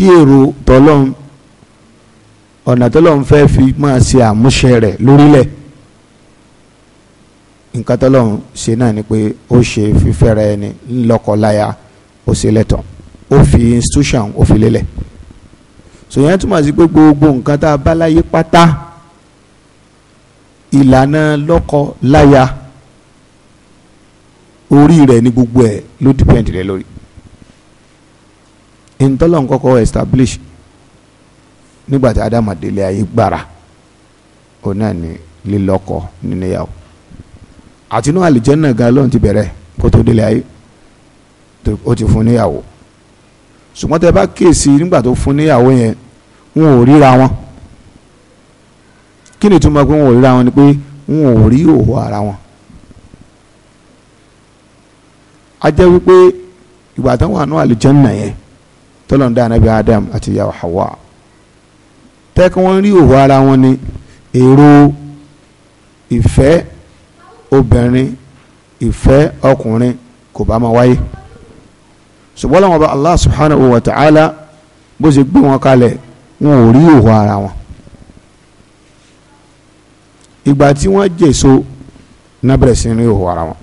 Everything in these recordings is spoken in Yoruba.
kí èrò tọ́lọ́n ọ̀nà tọ́lọ́n fẹ́ fi máa ṣe àmúṣe rẹ̀ lórílẹ̀ nǹkan tọ́lọ́n ṣe náà ni pé ó ṣe fífẹ́ra ẹni ńlọ́kọláya ó ṣe lẹ́tọ̀ ó fi institution ó fi lélẹ̀ sòyìn túmọ̀ sí pé gbogbo nǹkan tá a bá láyé pátá ìlànà lọ́kọ-láya orí rẹ̀ ni gbogbo ẹ̀ ló dìpẹ́ǹdì rẹ̀ lórí. ntọ́lọ́n kọ́kọ́ establish nígbà tí Ádámù délé ayé gbára òun náà ni lílọ́kọ níníyàwó àtinú àlìjẹ́nà gan lóun ti bẹ̀rẹ̀ kó tó délé ayé ó ti fún níyàwó ṣùgbọ́n tẹ bá kíyèsí nígbà tó fún níyàwó yẹn wọn ò ríra wọn kí ni túmọ̀ pé wọn ò ríra wọn ni pé wọn ò rí òwò ara wọn a jẹ́ wípé ìgbà táwọn àánú àlìjẹ́nà yẹn tọ́lọ́n dá anabi adam àti ìyàwó hawa tẹ́kí wọ́n rí òwò ara wọn ni èrò ìfẹ́ obìnrin ìfẹ́ ọkùnrin kò bá máa wáyé ṣùgbọ́n làwọn ọba allah subhanahu wa ta'ala bó ṣe gbé wọn kalẹ̀ wọn ò rí òwò ara wọn ìgbà tí wọ́n jèso nábẹ̀rẹ̀ sí ní òwò ara wọn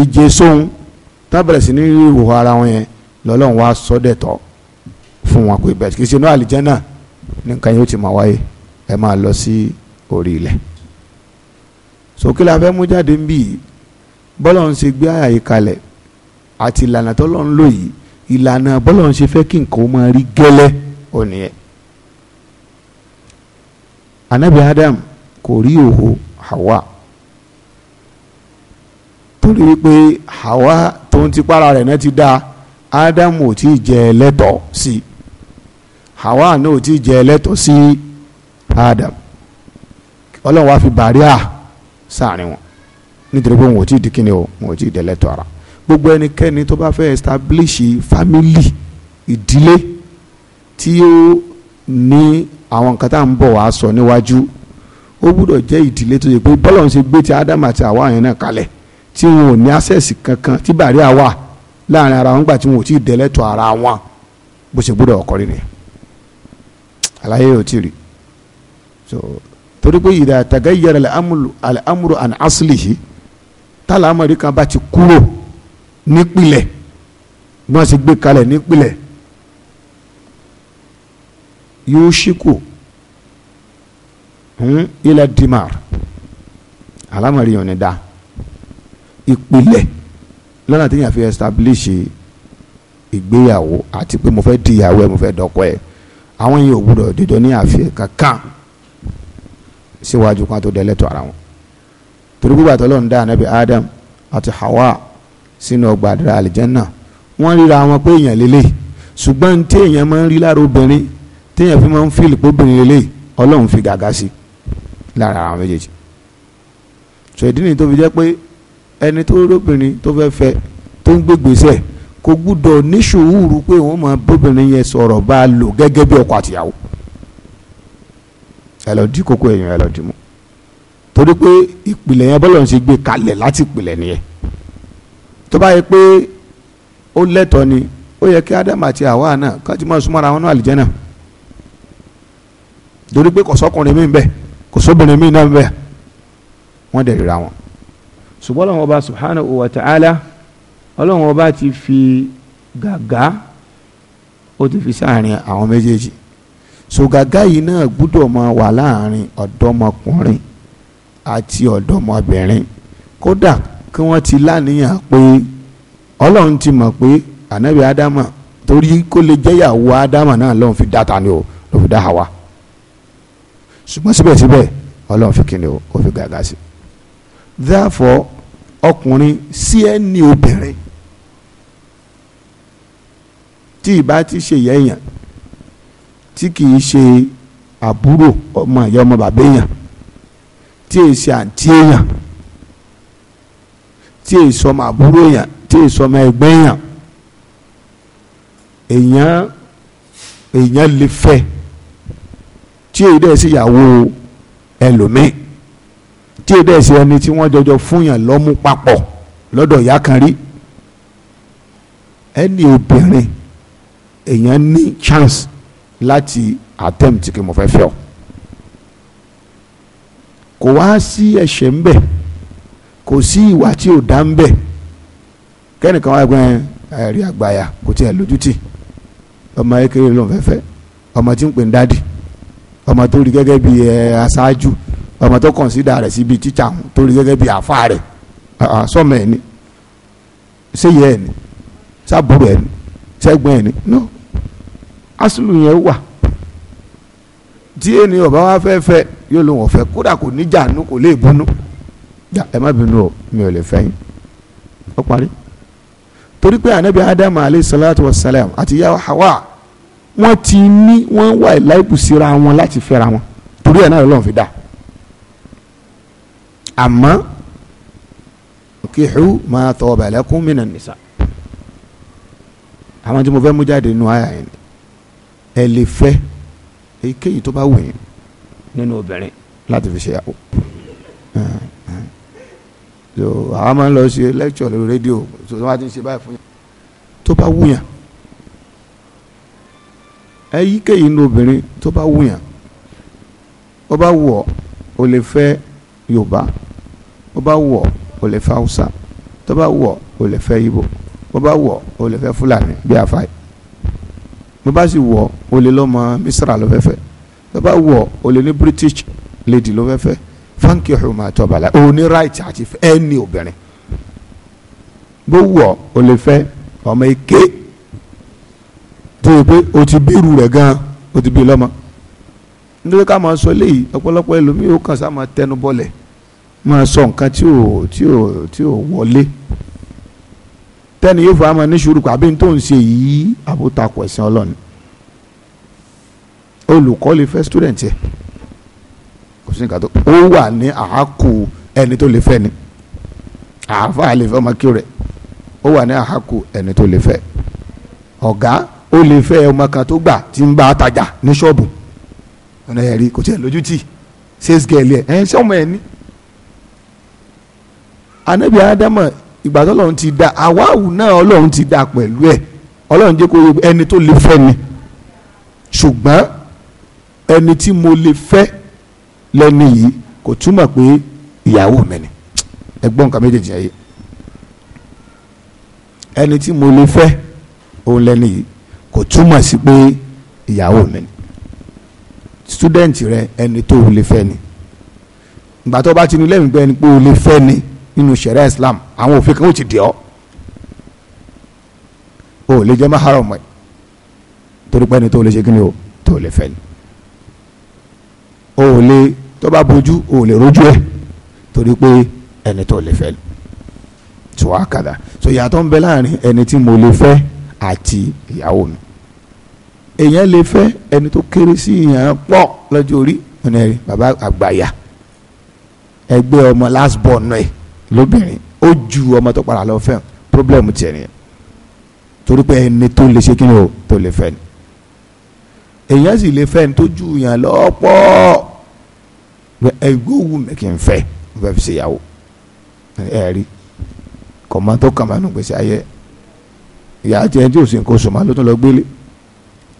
ìjèsohun tábẹ̀rẹ̀ sí ní òwò ara wọn yẹn lọ́lọ́run wá sọ́dẹ̀tọ̀ fún wọn pé bẹ́ẹ̀ kì í ṣe inú àlìjẹ́nà nìkan yóò ti máa wáyé ẹ máa lọ sí orí ilẹ̀ sókè la fẹ́ mú jáde ń bì í bọ́lọ̀ ń ṣe gbé àyà kalẹ̀ àti ìlànà tọ́lọ́ ń lò yìí ìlànà bọ́lọ̀ ń ṣe fẹ́ kí nǹkan ó máa rí gẹ́lẹ́ òní yẹn anabi adam kò rí òhò hawa torí wípé hawa tó ń tipára rẹ̀ náà ti dáa ádámù ò tí ì jẹ ẹlẹ́tọ̀ sí hawa náà ò tí ì jẹ ẹlẹ́tọ̀ sí ádámù ọlọ́run wá fi bàríà sáàrin wọn nítorí pé wọn ò tí ì di kíni o wọn ò tí ì dẹ̀lẹ́tọ̀ ara gbogbo ẹnikẹ́ni tó bá fẹ́ establish family ìdílé tí ó ní àwọn nǹkan tá à ń bọ̀ wá sọ níwájú ó gbúdọ̀ jẹ́ ìdílé tó yẹ pé bọ́lá ń ṣe gbé ti ádámù àti àwa yẹn náà kalẹ̀ tí wọn ò ní access kankan tí bàríà wà láàrin ara wọn gbà tí wọn ò tí ì dẹ́lẹ́tọ̀ ara wọn bó ṣe gbọ́dọ̀ ọkọ rírẹ̀ àlàyé yóò ti rí so torí pé ìdá tagayyara al-amru an aslihi tálà amọ̀rí kan bá ti kúrò nípìlẹ̀ bí wọ́n ti gbé kalẹ̀ nípìlẹ̀ yóò ṣíkò hmm, ila dimar alámọ̀rí yóò ní da ìpìlẹ̀ lọ́nà tí yàn fi establish ìgbéyàwó àti pé mo fẹ́ di ìyàwó ẹ mo fẹ́ dọ́kọ ẹ àwọn yìí ò gbúdọ̀ dídọ́ ní àfihàn kankan síwájú kan tó dẹ́lẹ́tọ̀ ara wọn torí gbogbo àtọ́lọ́ ń dá ànábì Adam àti Hawa sínú ọgbà àdúrà àlìjẹ́nà wọ́n ríra wọn pé èèyàn lélẹ̀ ṣùgbọ́n tí èèyàn máa ń rí lára obìnrin téèyàn fi máa ń fíìlì pé obìnrin lélẹ̀ Ọlọ́run fi gàgà sí lára àwọn méjèèjì ẹni tó lóbìnrin tó fẹ́ fẹ́ tó ń gbégbèsè kò gbúdọ̀ ní sùúrù pé wọ́n máa bóbìnrin yẹn sọ̀rọ̀ bá a lò gẹ́gẹ́ bí ọkọ àtìyàwó ẹ lọ dí kókó èèyàn ẹ lọ dì mú torí pé ìpìlẹ̀ yẹn bọ́lọ̀ ń ṣe gbé kalẹ̀ láti ìpìlẹ̀ nìyẹn tó bá yẹ pé ó lẹ́tọ̀ọ́ ni ó yẹ kí ádámù àti àwa náà ká ti máa súnmọ́ ara wọn náà torí pé kò sọ́kùnrin mi ń kò sóbìnrin mi náà ń wọ́n dẹ̀ ríra wọn ṣùgbọ́n ọlọ́run ọba subhanahu wa ta'ala ọlọ́run ọba ti fi gàgá ó ti fi sáàrin àwọn méjèèjì so gàgá yìí náà gbúdọ̀ máa wà láàrin ọ̀dọ́mọkùnrin àti ọ̀dọ́mọbìnrin kódà kí wọ́n ti láníyàn pé ọlọ́run ti mọ̀ pé ànábì ádámà torí kó lè jẹ́yàwó ádámà náà lọ́run fi dá ta ni o ló fi dá Háwà ṣùgbọ́n síbẹ̀síbẹ̀ ọlọ́run fi kíni o ó fi gàgá sí therefore ọkùnrin sí ẹni obìnrin tí ìbá ti ṣe yẹ̀yàn tí kì í ṣe àbúrò ọmọ ìyá ọmọ bàbá èèyàn tí èyí ṣe àǹtí èèyàn tí èyí sọmọ àbúrò èèyàn tí èyí sọmọ ẹgbẹ́ èèyàn èèyàn èèyàn lè fẹ́ tí èyí dẹ̀ ṣe ìyàwó ẹlòmíì tí èdè ẹ̀sìn ẹni tí wọ́n jọjọ fúnyàn lọ́mú papọ̀ lọ́dọ̀ ìyá kan rí ẹni obìnrin èèyàn ní chance láti attempt kí mo fẹ́ fẹ́ ọ kò wá sí ẹ̀ṣẹ̀ ń bẹ̀ kò sí ìwà tí ò dá ń bẹ̀ kẹ́nìkan wá gbọ́n ẹ̀rí àgbáyà kò tiẹ̀ lójútì ọmọ ayékéré ló ń fẹ́ fẹ́ ọmọ tí ń pè ń dádì ọmọ tó rí gẹ́gẹ́ bí ẹ aṣáájú ọmọ tó kọ̀nsídà rẹ̀ síbi títsà torí gẹ́gẹ́ bí àfa rẹ̀ ah, ah, sọ́mọ ẹ̀ ni sẹ́yẹ ẹ̀ ni sábúrò ẹ̀ ni sẹ́gbọ́n ẹ̀ ni no asulu yẹn wà tí ènìyàn bá wá fẹ́ fẹ́ yóò ló wọ́n fẹ́ kódà kò ní jàánú kò lè bọ́nú ẹ má bínú o mi ò lè fẹ́ yín ó parí torí pé anabi adamu aleyhi wa salam àti yahoo hawa wọ́n ti ní wọ́n wà láìpù síra wọn láti fẹ́ra wọn torí ẹ̀ náà lọ́n fi dá àmọ́ kíhù máa tọ́ bàlẹ́kùn mìíràn nìsa àwọn tí mo fẹ́ mú jáde nínú àyà yẹn ẹ lè fẹ́ èyíkéyìí tó bá wù yín nínú obìnrin láti fi ṣèyàwó so àwọn máa ń lọ ṣe lecture lórí rédíò tó wá ti ń ṣe báyìí fún yín tó bá wù yàn èyíkéyìí nínú obìnrin tó bá wù yàn ó bá wù ọ́ o lè fẹ́ yorùbá bó bá wù ọ́ o lè fẹ́ haúsá tó bá wù ọ́ o lè fẹ́ ibo bó bá wù ọ́ o lè fẹ́ fúlàní bí àfáì bó bá sì wù ọ́ o lè lọ́mọ misra ló fẹ́ fẹ́ tó bá wù ọ́ o lè ní british lady ló fẹ́ fẹ́ fáńkì ọ̀hùnmá o ní right àti ẹni obìnrin bó wù o lè fẹ́ ọmọ èké tó yẹ pé o ti bí irú rẹ̀ gan o ti bí lọ́mọ nítorí ká máa sọ eléyìí ọ̀pọ̀lọpọ̀ ẹlòmíì ó kàn sá máa tẹnu bọlẹ̀ máa sọ nǹkan tí ò tí ò tí ò wọlé tẹ́ni yóò fọ àmọ́ ní sùúrù pé àbí tó ń ṣe yìí àbótakò ẹ̀sìn ọlọ́ni olùkọ́ lè fẹ́ student yẹ kò sí nǹkan tó ó wà ní àákò ẹni tó lè fẹ́ ni àáfàá lè fẹ́ ọmọ kí rẹ̀ ó wà ní àákò ẹni tó lè fẹ́ ọ̀gá ó lè fẹ́ ọmọ kan tó gbà tí ń bá tajà ní ṣọ́ọ̀bù ọ̀nà ẹ̀rí kò tiẹ̀ lójú tì sales girl ẹ̀ ẹ̀ ṣé ọmọ ẹ̀ ní. anabi adama ìgbà tó ọlọ́run ti da awáwù náà ọlọ́run ti da pẹ̀lú ẹ̀ ọlọ́run jẹ́ kó ẹni tó lè fẹ́ ni ṣùgbọ́n ẹni tí mo lè fẹ́ lẹ́ni yìí kò túmọ̀ pé ìyàwó mi ni ẹgbọ́n nǹkan méjèèjì ayé ẹni tí mo lè fẹ́ òun lẹ́ni yìí kò túmọ̀ sí pé ìyàwó mi ni student rẹ ẹni tó o lè fẹ́ ni ìgbà tó bá ti ní lẹ́mìí pé pé o lè fẹ́ ni nínú sẹ̀rẹ̀ Islam àwọn òfin kan ó ti dì ọ́ o lè jẹ́ maharam ẹ̀ torí pé ẹni tó o lè ṣe kíni o tó o lè fẹ́ ni o lè tó bá bójú o lè rójú ẹ̀ torí pé ẹni tó o lè fẹ́ ni tó wá kàdà so ìyàtọ̀ ń bẹ láàrin ẹni tí mo lè fẹ́ àti ìyàwó mi èèyàn lè fẹ́ ẹni tó kéré sí èèyàn pọ̀ lọ́jọ́ orí ọ̀nà ẹ̀rí bàbá àgbàyà ẹgbẹ́ ọmọ last born náà lóbìnrin ó ju ọmọ tó padà lọ fẹ́ problem tiẹ̀ nìyẹn torí pé ẹni tó lè ṣe kí ni o tó lè fẹ́ ni èèyàn sì lè fẹ́ ẹni tó ju èèyàn lọ́pọ̀ ẹgbẹ́ òwú mi kì í fẹ́ mo fẹ́ fi ṣe ìyàwó ẹ̀rí kọ̀mọ́tò kàmánú gbèsè ayé ìyá àti ẹni tí ò sì ń kó sùnmọ́ ló tún lọ gbélé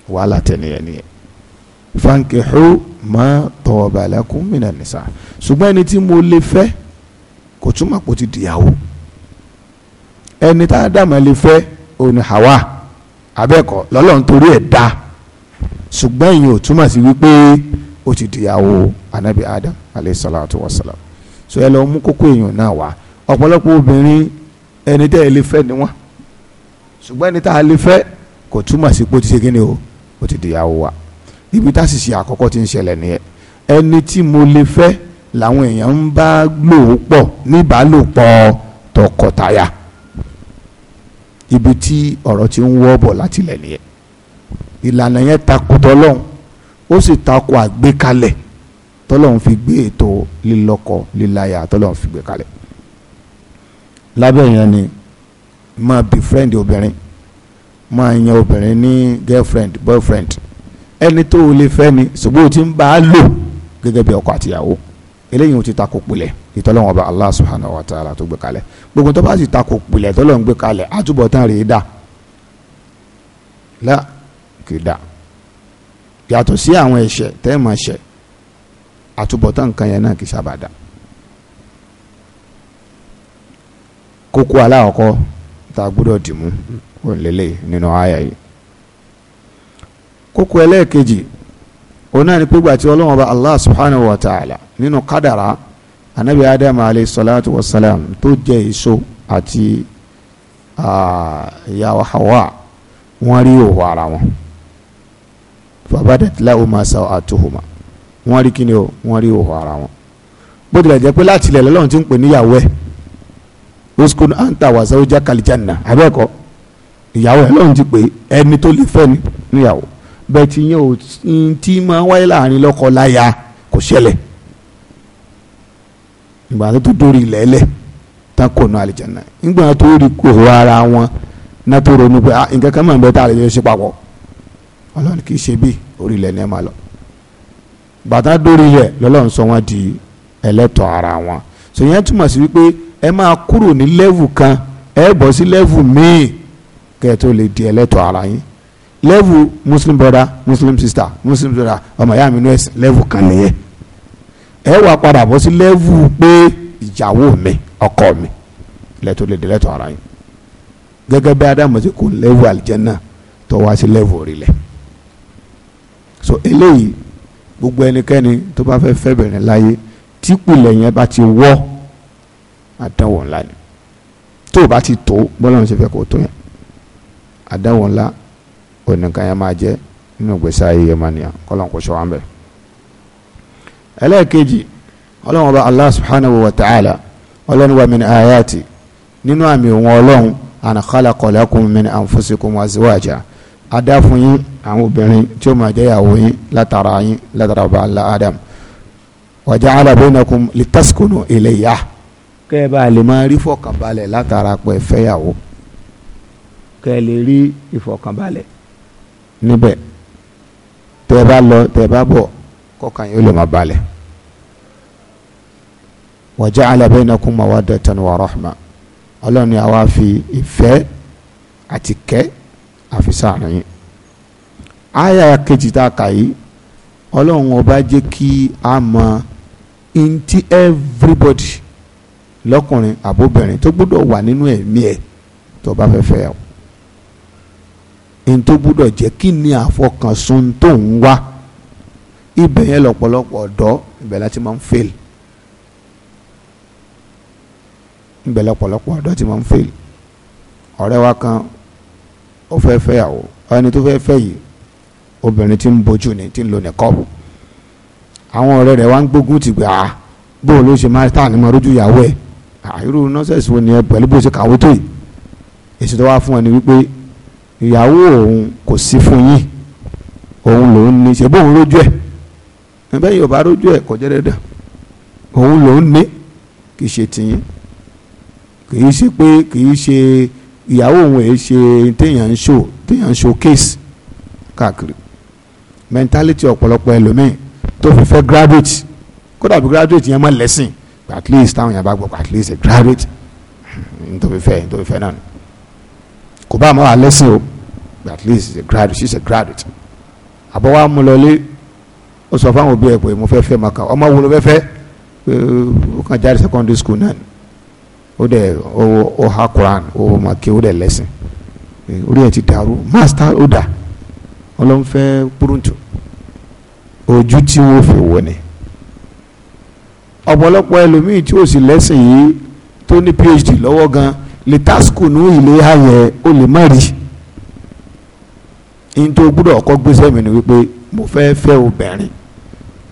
wàhálà tẹ̀lé nìyẹn fankihu ma tawaba lakum mina nisa ṣùgbọ́n ẹni tí mo lè fẹ́ kò túmọ̀ pé ó ti dìyàwó ẹni tá a dàmọ́ lè fẹ́ òní hawa abẹ́ẹ̀kọ́ lọ́lọ́run torí ẹ̀ dá ṣùgbọ́n ìyẹn ò túmọ̀ sí wípé ó ti dìyàwó anabi adam alayhi salatu wa salam so ẹ lọ mú kókó èèyàn náà wá ọ̀pọ̀lọpọ̀ obìnrin ẹni tẹ́ ẹ lè fẹ́ ni wọ́n ṣùgbọ́n ẹni tá a lè fẹ́ kò túmọ̀ sí pé ó ti ṣe kí ni o ó ti dìyàwó wa ibi tá sì ṣe àkọ́kọ́ ti ń ṣẹlẹ̀ nìyẹn ẹni tí mo lè fẹ́ làwọn èèyàn ń bá lò ó pọ̀ níbàálòpọ̀ tọkọtaya ibi tí ọ̀rọ̀ ti ń wọ́ bọ̀ látilẹ̀ nìyẹn ìlànà yẹn takò tọlọ́hún ó sì takò àgbékalẹ̀ tọlọ́hún fi gbé ètò lílọ́kọ líláya tọlọ́hún fi gbé kalẹ̀ lábẹ́ yẹn ni máa befriend obìnrin máa yan obìnrin ní girlfriend boyfriend ẹni tó o lè fẹ́ o ti ń bá a lò gẹ́gẹ́ bí ọkọ eléyìí o ti takò pilẹ̀ ìtọ́lọ́wọ́n ọba Allah subhanahu wa ta'ala tó gbé gbogbo tó bá ta takò pilẹ̀ tọ́lọ́wọ́n gbé kalẹ̀ rèé dà kì í dà yàtọ̀ sí àwọn ẹ̀ṣẹ̀ tẹ́ ẹ̀ máa ṣẹ̀ nǹkan yẹn náà kì a dì pọ̀ lélẹ̀ nínú àyà yìí kókó ẹlẹ́ẹ̀kejì òun náà ni pé gbàtí ọlọ́wọ́n bá allah subhanahu wa ta'ala nínú kádàrá anabi adam alayhi salatu wa salam tó jẹ èso àti ìyàwó hawa wọn rí òwò ara wọn fabadat lahuma sawatuhuma wọn rí kíni o wọn rí òwò ara wọn bó tilẹ̀ jẹ́ pé láti ilẹ̀ lọ́lọ́run ti ń pè níyàwó ẹ̀ uskun anta wa zawjaka aljanna abẹ́ẹ̀kọ́ ìyàwó ẹ̀ lọ́run ti pè ẹni tó lè fẹ́ níyàwó bẹ́ẹ̀ tí yẹn ò tí máa wáyé láàrin lọ́kọ láya kò ṣẹlẹ̀ ìgbà tó dórí ilẹ̀ ẹlẹ̀ tán kò nu àlìjẹ̀nà nígbà tó rí kòrò ara wọn náà tó ronú pé nǹkan kan máa ń bẹ tá a ṣe papọ̀ ọlọ́run kì í ṣe bí orí ilẹ̀ ni ẹ máa lọ bàtà dórí ilẹ̀ lọ́lọ́run sọ wọ́n di ẹlẹ́tọ̀ ara wọn sòyẹn túmọ̀ sí wípé ẹ máa kúrò ní lẹ́vù kan ẹ bọ̀ sí lẹ́vù míì kẹ́ ẹ tó lè di ẹlẹ́tọ̀ ara yín level muslim brother muslim sister muslim brother ọmọ ìyá mi inú ẹ̀sìn level kan nìyẹn ẹ wà padà bọ́ sí level pé ìyàwó mi ọkọ mi lẹ́tọ̀ lè di ẹlẹ́tọ̀ ara yín gẹ́gẹ́ bí adamu ti kò level aljanna tó wá sí level orílẹ̀ so eléyìí gbogbo ẹnikẹ́ni tó bá fẹ́ fẹ́ bẹ̀rẹ̀ láyé típìlẹ̀ yẹn bá ti wọ́ àdánwò ńlá ni tó o bá ti tó bọ́lá ń ṣe fẹ́ kó o tó yẹn àdáwọ̀ ńlá onìkan yẹn máa jẹ nínú ìgbésí ayé yẹn máa nìyà kọ́lọ́n kò ṣọ́wọ́n bẹ̀. ẹlẹ́ẹ̀kejì ọlọ́run ọba allah subhanahu wa ta'ala ọlọ́run wa min ayati nínú àmì òun ọlọ́run an khalaqa lakum min anfusikum azwaja adá fún yín àwọn obìnrin tí ó máa jẹ́ ìyàwó yín látara yín látara ọba allah adam wa ja'ala bainakum litaskunu ilayya kẹ́ ẹ bá lè máa rí fọkànbalẹ̀ látara pẹ̀ fẹ́yàwó kẹ ẹ lè rí ìfọ̀kànbalẹ̀ níbẹ̀ tẹ́ bá lọ bá bọ̀ kọ́kàn yóò lè má balẹ̀. wa ja'ala bainakum mawaddatan wa rahma ọlọ́run ni àwa fi ìfẹ́ àti kẹ́ àfi sáàrin àyà kejì tá a kà yìí ọlọ́run ọba jẹ́ kí a mọ everybody lọ́kùnrin àbóbìnrin tó gbọ́dọ̀ wà nínú ẹ̀mí ẹ̀ tó bá fẹ́ fẹ́ yàwó. n tó gbúdọ̀ jẹ́ kí ni àfọkànsùn tó ń wá ibẹ̀ yẹn lọ́pọ̀lọpọ̀ ọ̀dọ́ ibẹ̀ láti máa ń fail ibẹ̀ lọ́pọ̀lọpọ̀ ọ̀dọ́ ti máa ń fail ọ̀rẹ́ wa kan ó fẹ́ fẹ́ yàwó ẹni tó fẹ́ fẹ́ yìí obìnrin tí ń bojú ni tí ń lo nìkọ́ọ̀bù àwọn ọ̀rẹ́ rẹ̀ wá ń gbógun ti gbà á bó ló ṣe máa tà ní mọ lójú ìyàwó ẹ̀ àìrú nọ́sẹ̀sì wo ni ẹ pẹ̀lú bó ṣe kàwé tó yìí èsì tó wá fún ẹ ni wípé ìyàwó òun kò sí fún yín òun lòun ní ṣe bóun rójú ẹ̀ ẹ̀bẹ́ yìí ò bá rójú ẹ̀ kọjá dandan òun lòun ní kì í ṣe tìyín kì í ṣe pé kì í ṣe ìyàwó òun ẹ̀ ṣe téèyàn ń ṣò téèyàn ń ṣò kéèsì káàkiri mẹ́ńtálítì ọ̀pọ̀lọpọ̀ ẹlòmíì tó fi fẹ́ graduate kódà bí graduate yẹn mọ̀ lẹ́sìn at least táwọn yẹn bá gbọ́ at least a graduate nítorí fẹ́ nítorí fẹ́ náà kò bá àmọ́ àlẹ́sìn o at least she's a graduate she's a graduate àbọ̀wá amúlọlé ó sọ fáwọn òbí ẹ̀ pé mo fẹ́ fẹ́ maka ọmọ wo ló fẹ́ fẹ́ ó kàn jáde secondary school náà ó dẹ̀ ó ha Quran ó ma ké ó dẹ̀ lẹ́sìn orí ẹ̀ ti dàrú master ó dà ọlọ́nfẹ́ púrúǹtù ojú tí wọ́n fi wọ̀ ni ọ̀pọ̀lọpọ̀ ẹlòmíì tí ó sì lẹ́sìn yìí tó ní PhD lọ́wọ́ gan lè tá school nù ilé ayẹ ó lè má rí i n tó gbúdọ̀ ọkọ gbèsè mi ni wípé mo fẹ́ fẹ́ obìnrin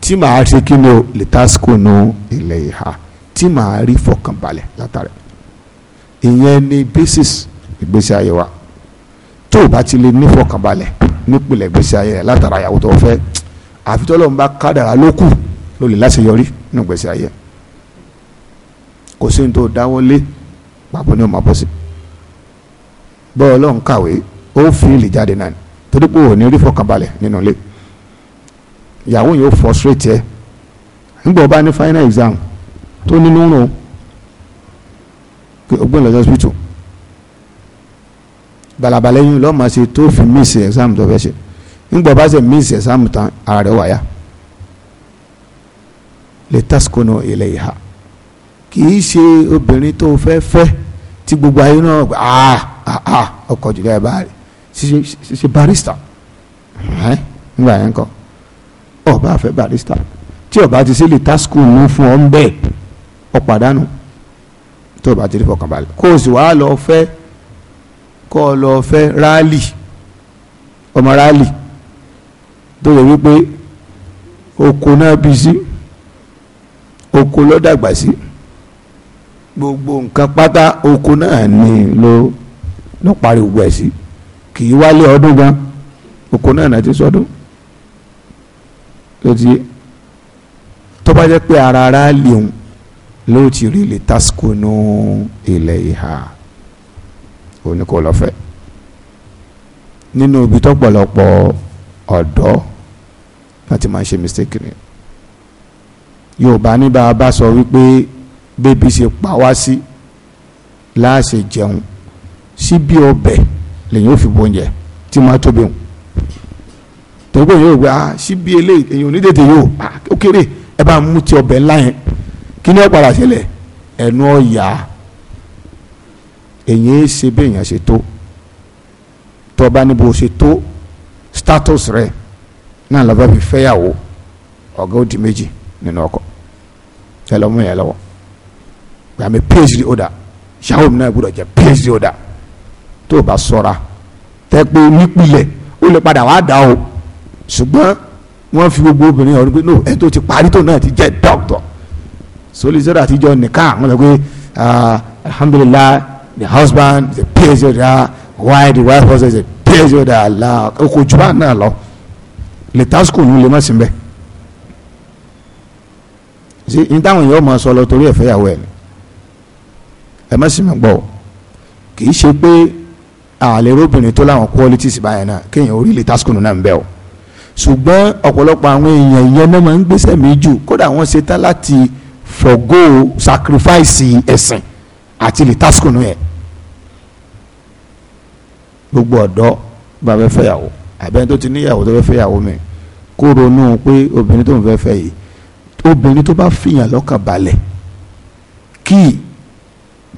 tí màá ṣe kí ni o lè tásìkò nu ilẹ̀ ìhà tí màá rí fọkànbalẹ̀ látàrí ìyẹn ni basis ìgbésí ayé wa tó o bá ti lè ní fọkànbalẹ̀ nípìnlẹ̀ ìgbésí ayé rẹ̀ látara ìyàwó tó fẹ́ àfi tó lọ́nba kádàrá ló kù ló lè láṣeyọrí nínú ìgbésí ayé kò sí ní tó dáwọ́lé pàbó ni ó máa bọ́ sí bọ́ọ̀ lọ́n kàwé ó fi lè jáde náà torí pé òní rí nínú ilé ìyàwó yóò frustrate ẹ nígbà ọba ní final exam tó nínú rún pé ọgbọ́n hospital balabala yín lọ́ọ́ ṣe tó fi miss exam tó fẹ́ ṣe nígbà ọba ṣe miss exam tán ara rẹ̀ wáyà lè taskono ilẹ̀ ìhà kì í ṣe obìnrin tó fẹ́ fẹ́ tí gbogbo ayé náà ah, ah, ah, ọkọ̀ jùlọ ẹ̀ bá ṣe barista nígbà yẹn kọ ọba àfẹ barista tí ọba ti sí lè ta skul mú fún ọ ń bẹ ọ̀pàdánù tí ọba ti rí fọkànbalẹ̀ kó o sì wá lọ fẹ́ kó o lọ fẹ́ rálì ọmọ rálì tó yẹ wípé oko náà bí sí oko ló sí gbogbo nǹkan pátá oko náà ní ló ló parí gbogbo ẹ̀ sí. Si kì í wálé ọdún gan oko náà náà ti sọdún ló ti yé tó bá jẹ́ pé ara ara lèun ló ti rí lè tásìkò nù ilẹ̀ ìhà oníkòlọ́fẹ́ nínú ibi tọ́pọ̀lọpọ̀ ọ̀dọ́ láti máa ṣe mistake ni yorùbá ní bá sọ wípé bébí ṣe pa wá sí láàṣẹ jẹun síbi ọbẹ̀. Si lèyìn ò fi bọ oúnjẹ tí máa tóbi hùn torí pé èyàn ò gbé ah síbi eléyìí èyàn ò ní tètè yóò ah ó kéré ẹ bá mú ti ọbẹ̀ ńlá yẹn kí ni ó padà ṣẹlẹ̀ ẹnu ọ̀yà èyàn e ṣe bí èyàn ṣe tó tọba níbo ṣe tó status rẹ náà lọ́ba fi fẹ́yàwó ọ̀gá ó di méjì nínú ọkọ ẹ lọ́mú yẹn lọ́wọ́ gbàmí phd order ṣáà òmìnira gbọ́dọ̀ jẹ́ phd order tó o bá sọra tẹ́ pé nípìnlẹ̀ ó lè padà wá dá o ṣùgbọ́n wọ́n fi gbogbo obìnrin ọ̀rọ̀ pé no ẹni tó ti parí tó náà ti jẹ́ dọ́kítọ̀ solicitor àtijọ́ nìkan àwọn sọ pé ah, alhamdulilah the husband the praise of the wife the wife husband the praise of the Allah kò jù bá náà lọ lè tásìkò ní lè má sí bẹ́ẹ̀ sí ní táwọn èèyàn máa sọ lọ torí ẹ̀fẹ́ yàwó ẹ̀ ni má sì mọ̀ gbọ́ kì í ṣe pé àlérò obìnrin tó láwọn qualities báyẹn náà kéèyàn orí lè tásìkò náà ń bẹ o ṣùgbọ́n ọ̀pọ̀lọpọ̀ àwọn èèyàn ìyẹn náà máa ń gbèsè méjì kódà wọ́n ṣe tán láti forgo sacrifice ẹ̀sìn àti lè tásìkò náà yẹn gbogbo ọ̀dọ́ bá fẹ́ fẹ́yàwó àbẹ́ni tó ti níyàwó tó fẹ́ fẹ́yàwó mi kó ronú pé obìnrin tó ń fẹ́ fẹ́ yìí obìnrin tó bá fìyàn lọ́kàn balẹ̀ key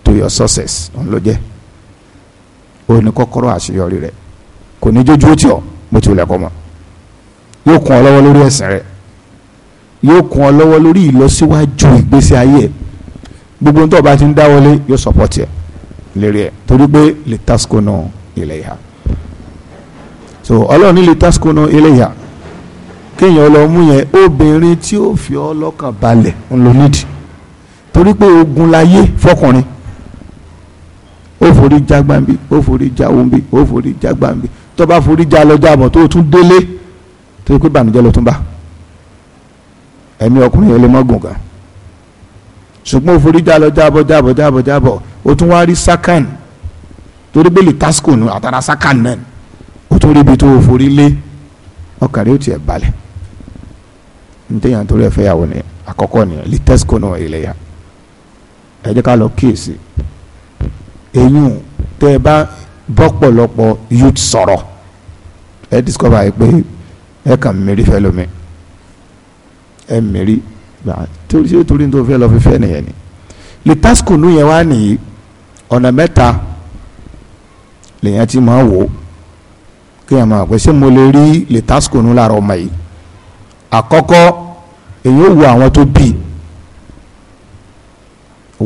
to your success òun ló jẹ́ O ní kọ́kọ́rọ́ àṣeyọrí rẹ kò ní jójú ó tì ọ́ bó ti wulẹ̀ kọ́ mọ́ yóò kún ọ lọ́wọ́ lórí ẹ̀sìn rẹ yóò kún ọ lọ́wọ́ lórí ìlọsíwájú ìgbésí ayé ẹ gbogbo ń tọ́ bá ti ń dáwọlé yóò sọpọ́tì ẹ lérí ẹ torí pé lè tásìkò náà ilẹ̀ ìhà so ọlọ́run nílé tásìkò náà ilé ìhà kéèyàn lọ mú yẹn obìnrin tí ó fi ọ lọ́kàn balẹ̀ ńlọ nídìí torí pé ogun láyé fọkùnrin ó forí já gbàǹbì ó forí já òǹbì ó forí já gbàǹbì tó bá forí já lọ jáàmọ̀ tó tún délé tó yẹ pé bànújẹ́ ló tún bá ẹ̀mí ọkùnrin yẹn lè mọ́ gùn gan ṣùgbọ́n ó forí já lọ jábọ̀ jábọ̀ jábọ̀ jábọ̀ ó tún wá rí sákàn torí bẹ́ẹ̀ lè tásìkò nù àtàrà sákàn náà ó tún rí ibi tó forí lé ọkàn rẹ̀ ó tiẹ̀ balẹ̀ ntẹ̀yàn torí ẹ̀ fẹ́yàwó ni àkọ́kọ́ ni lè tásìkò ilẹ̀ yà ẹ ká lọ kíyèsí eyín tẹ́ ẹ bá bọ́pọ̀lọpọ̀ youth sọ̀rọ̀ ẹ discover yìí pé ẹ kàn mìírí fẹ́ lómi ẹ mìírí torí ṣé torí tó fẹ́ lọ fi fẹ́ nìyẹn ni litasco nu yẹn wá nìyí ọ̀nà mẹ́ta lèyàn ti máa wò ó kí ẹ máa pẹ́ ṣé mo lè rí litasco nu lára ọmọ yìí àkọ́kọ́ èyí ò wo àwọn tó bì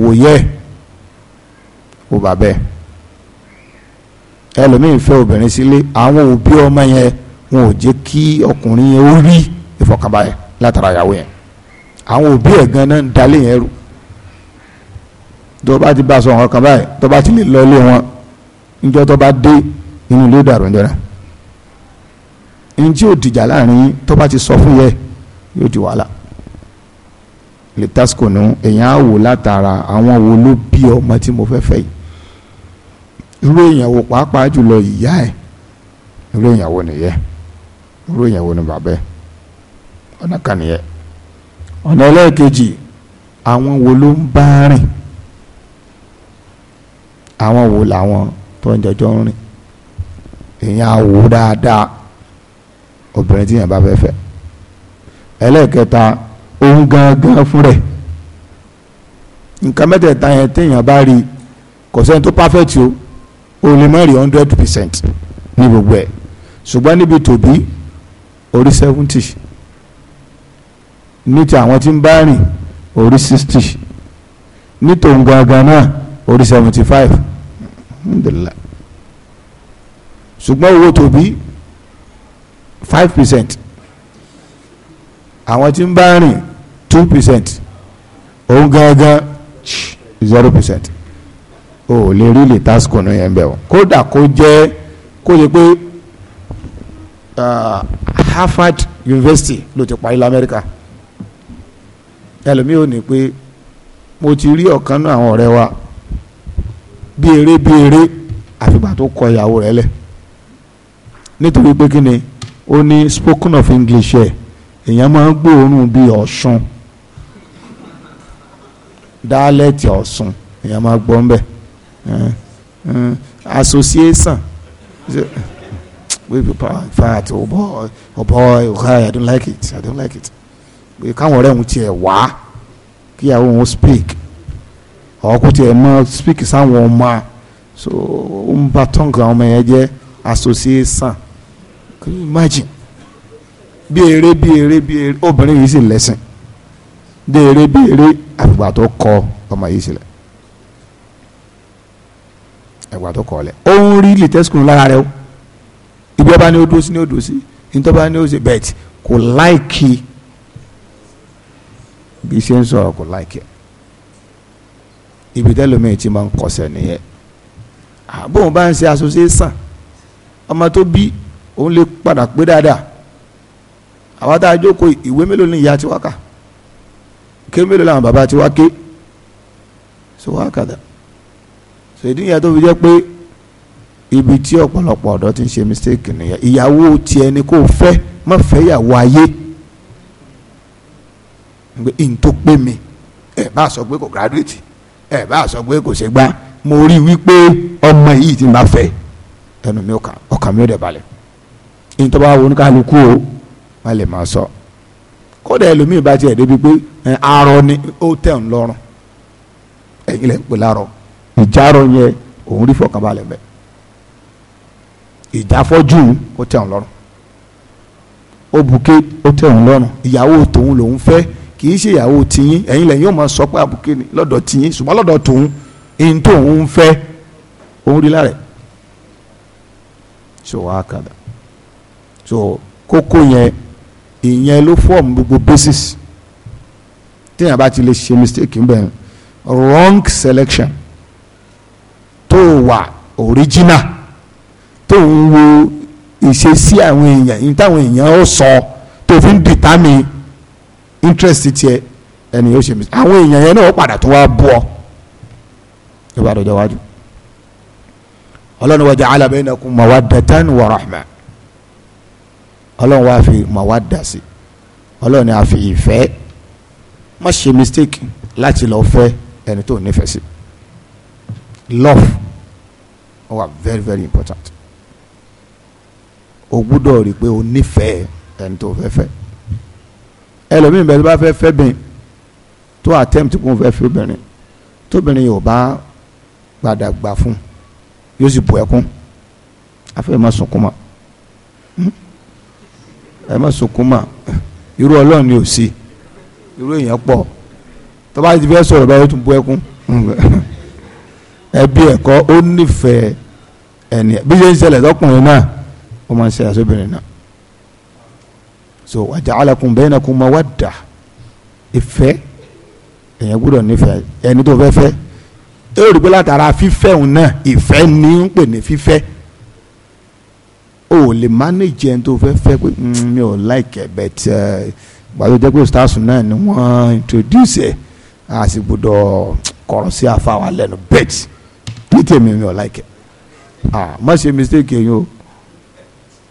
wò yẹ. Yeah wò bàbá ẹ̀ ẹlòmíín fẹ́ obìnrin sílé àwọn òbí ọmọ yẹn wọn ò jẹ́ kí ọkùnrin yẹn ó rí ìfọ̀kànbalẹ̀ látara ìyàwó yẹn àwọn òbí ẹ̀ gan náà ń dalé yẹn rú tó bá ti bá sọ ọ̀hún kan báyìí tó bá ti lè lọ ilé wọn níjọ́ tó bá dé inú ilé dàrú ń jọra ní tí yóò dìjà láàrin tó bá ti sọ fún yẹ yóò di wàhálà lè tásìkò nù èèyàn á látara àwọn wo ló bí ọmọ tí mo fẹ́ fẹ́ yìí irú èèyàn wo pàápàá jùlọ ìyá ẹ̀ irú èèyàn wo irú èèyàn ni bàbá ẹ̀ ọ̀nà kan nìyẹn ọ̀nà ẹlẹ́ẹ̀kejì àwọn wo ló ń bá rìn àwọn wo làwọn tó ń jọjọ́ ń rìn èèyàn dáadáa obìnrin tí bá fẹ́ fẹ́ ẹlẹ́ẹ̀kẹta òun gangan fún rẹ̀ nǹkan mẹ́tẹ̀ẹ̀ta yẹn téèyàn bá rí kò sẹ́ni tó pàfẹ́tì o o lè má rí hundred percent ní gbogbo ẹ̀ ṣùgbọ́n níbi tòbí orí seventy ní ti àwọn tí ń bá rìn orí sixty ní tòun gangan náà orí seventy five alhamdulillah ṣùgbọ́n owó tòbí five percent àwọn tí ń bá rìn two percent òun gangan zero percent o ò lè rí lè tásìkò ní yẹn bẹ́ẹ̀ o kódà kó jẹ́ kó jẹ́ pé Harvard University ló ti parí lamẹ́ríkà ẹlòmíì ò ní pé mo ti rí ọ̀kan náà àwọn ọ̀rẹ́ wa bí eré bí eré àfìgbà tó kọ ìyàwó rẹ̀ lẹ̀ nítorí pé kí ni ó ní spoken of English ẹ̀ èèyàn máa ń gbóòórùn bí Ọ̀ṣun dáálẹ́tì Ọ̀ṣun èèyàn máa gbọ́ ń bẹ́ẹ̀ association wey be power in oh boy oh boy oh guy! i don't like it i don't like it pé káwọn ọ̀rẹ́ òun tiẹ̀ wá kíyàwó òun speak ọ̀ọ́kú tiẹ̀ mọ́ speak sáwọn ọmọ so ó ń ba tọ́ǹkì àwọn ọmọ yẹn jẹ́ association imagine bí eré bí eré bí eré obìnrin yìí sì lẹ́sìn dé eré bí eré àgbà tó kọ ọmọ yìí sílẹ̀ ẹ̀wà tó kọ̀ ọ́ lẹ̀ òun rí litẹ́sikùn lára rẹ o ibi ọba ni ó dúró sí ni ó dúró sí ìtọ́ba ni ó ṣe bẹ́ẹ̀ kò láìkì bí ṣe ń sọ̀rọ̀ kò láìkì ibi tẹ́lómi ti máa ń kọsẹ̀ nìyẹn àbóun bá ń ṣe association ọmọ tó bí òun lè padà pé dáadáa àwa tá a jókòó ìwé mélòó ni ìyá tiwa kà ké mélòó làwọn bàbá tiwa ké so wákàtà. So, ṣèdí yẹn tó fi jẹ́ pé ibi tí ọ̀pọ̀lọpọ̀ ọ̀dọ́ ti ń ṣe mistake nìyẹn ìyàwó tiẹ̀ ni kò fẹ́ má fẹ́ yàwó ayé pé n tó pé mi ẹ bá sọ pé kò graduate ẹ bá sọ pé kò ṣe gbá mo rí wípé ọmọ yìí ti máa fẹ́ ẹnu mi ò kàn ọkàn mi ò dẹ̀ balẹ̀ n tó bá wo oníkàlùkù o má lè máa sọ kódà ẹlòmíì bá tiẹ̀ débi pé arọ ni ó tẹ̀ ń lọ́rùn ẹ̀yin lẹ̀ ń pè lárọ̀ ìjárọ yẹn òun rí fọkànbalẹ̀ bẹ ìjáfọjú ó tẹ́ òun lọ́rùn ó buké ó tẹ́ òun lọ́rùn ìyàwó tòun lòun fẹ́ kì í ṣe ìyàwó tiyín ẹ̀yin lẹ́yìn ó máa sọ pé àbùké ni lọ́dọ̀ tiyín ṣùgbọ́n lọ́dọ̀ tòun èyí tóun ń fẹ́ òun rí lára ẹ̀ so wàá kàdà so kókó yẹn ìyẹn ló fọ́ọ̀mù gbogbo basis téèyàn bá ti lè ṣe mistake ń bẹ̀rẹ̀ wrong selection tó wà original tó ń wo ìṣesí àwọn èèyàn ní táwọn èèyàn ó sọ tó fi ń determine interest tiẹ̀ ẹni yóò ṣe mí àwọn èèyàn yẹn náà ó padà tó wá bú ọ ló bá dọjọ́ wájú ọlọ́run wa ja'ala bainakum mawaddatan wa rahma ọlọ́run wa fi mawadda sí ọlọ́run ni a fi ìfẹ́ má ṣe mistake láti lọ fẹ́ ẹni tó nífẹ̀ẹ́ sí. Si love oh, very very important o gbúdọ̀ rí i pé o nífẹ̀ẹ́ ẹni tó fẹ́ fẹ́ ẹlòmíì bẹ́ẹ̀ tó bá fẹ́ fẹ́ bẹ́ẹ̀ tó attempt kó fẹ́ fẹ́ obìnrin tóbìnrin yóò bá padà gbà fún yóò sì bu ẹkún afẹ́ ma sunkún ma hmm? ẹ ma sunkún ma irú ọlọ́run ni ò sí irú èèyàn pọ̀ tó bá ti fẹ́ sọ̀rọ̀ báyìí ó tún bu ẹkún ẹbí ẹ̀kọ́ ó nífẹ̀ẹ́ ẹni bí ṣe ń ṣẹlẹ̀ lọ́kùnrin náà ó máa ń ṣe àṣọbìnrin náà so waja'alakum bainakum mawadda ìfẹ́ èèyàn gbọ́dọ̀ nífẹ̀ẹ́ ẹni tó fẹ́ fẹ́ èrò rí pé látara fífẹ́ òun náà ìfẹ́ ní ń pè ní fífẹ́ o lè manage ẹni tó fẹ́ fẹ́ pé hmm, mi ò like ẹ̀ but gbàdó jẹ́ pé stars náà ni wọ́n introduce ẹ̀ a sì gbọ́dọ̀ kọ̀rọ̀ sí àfa wa lẹ́nu bet ní tèmi mi ò láìkẹ́ ah má ṣe mistake yẹn o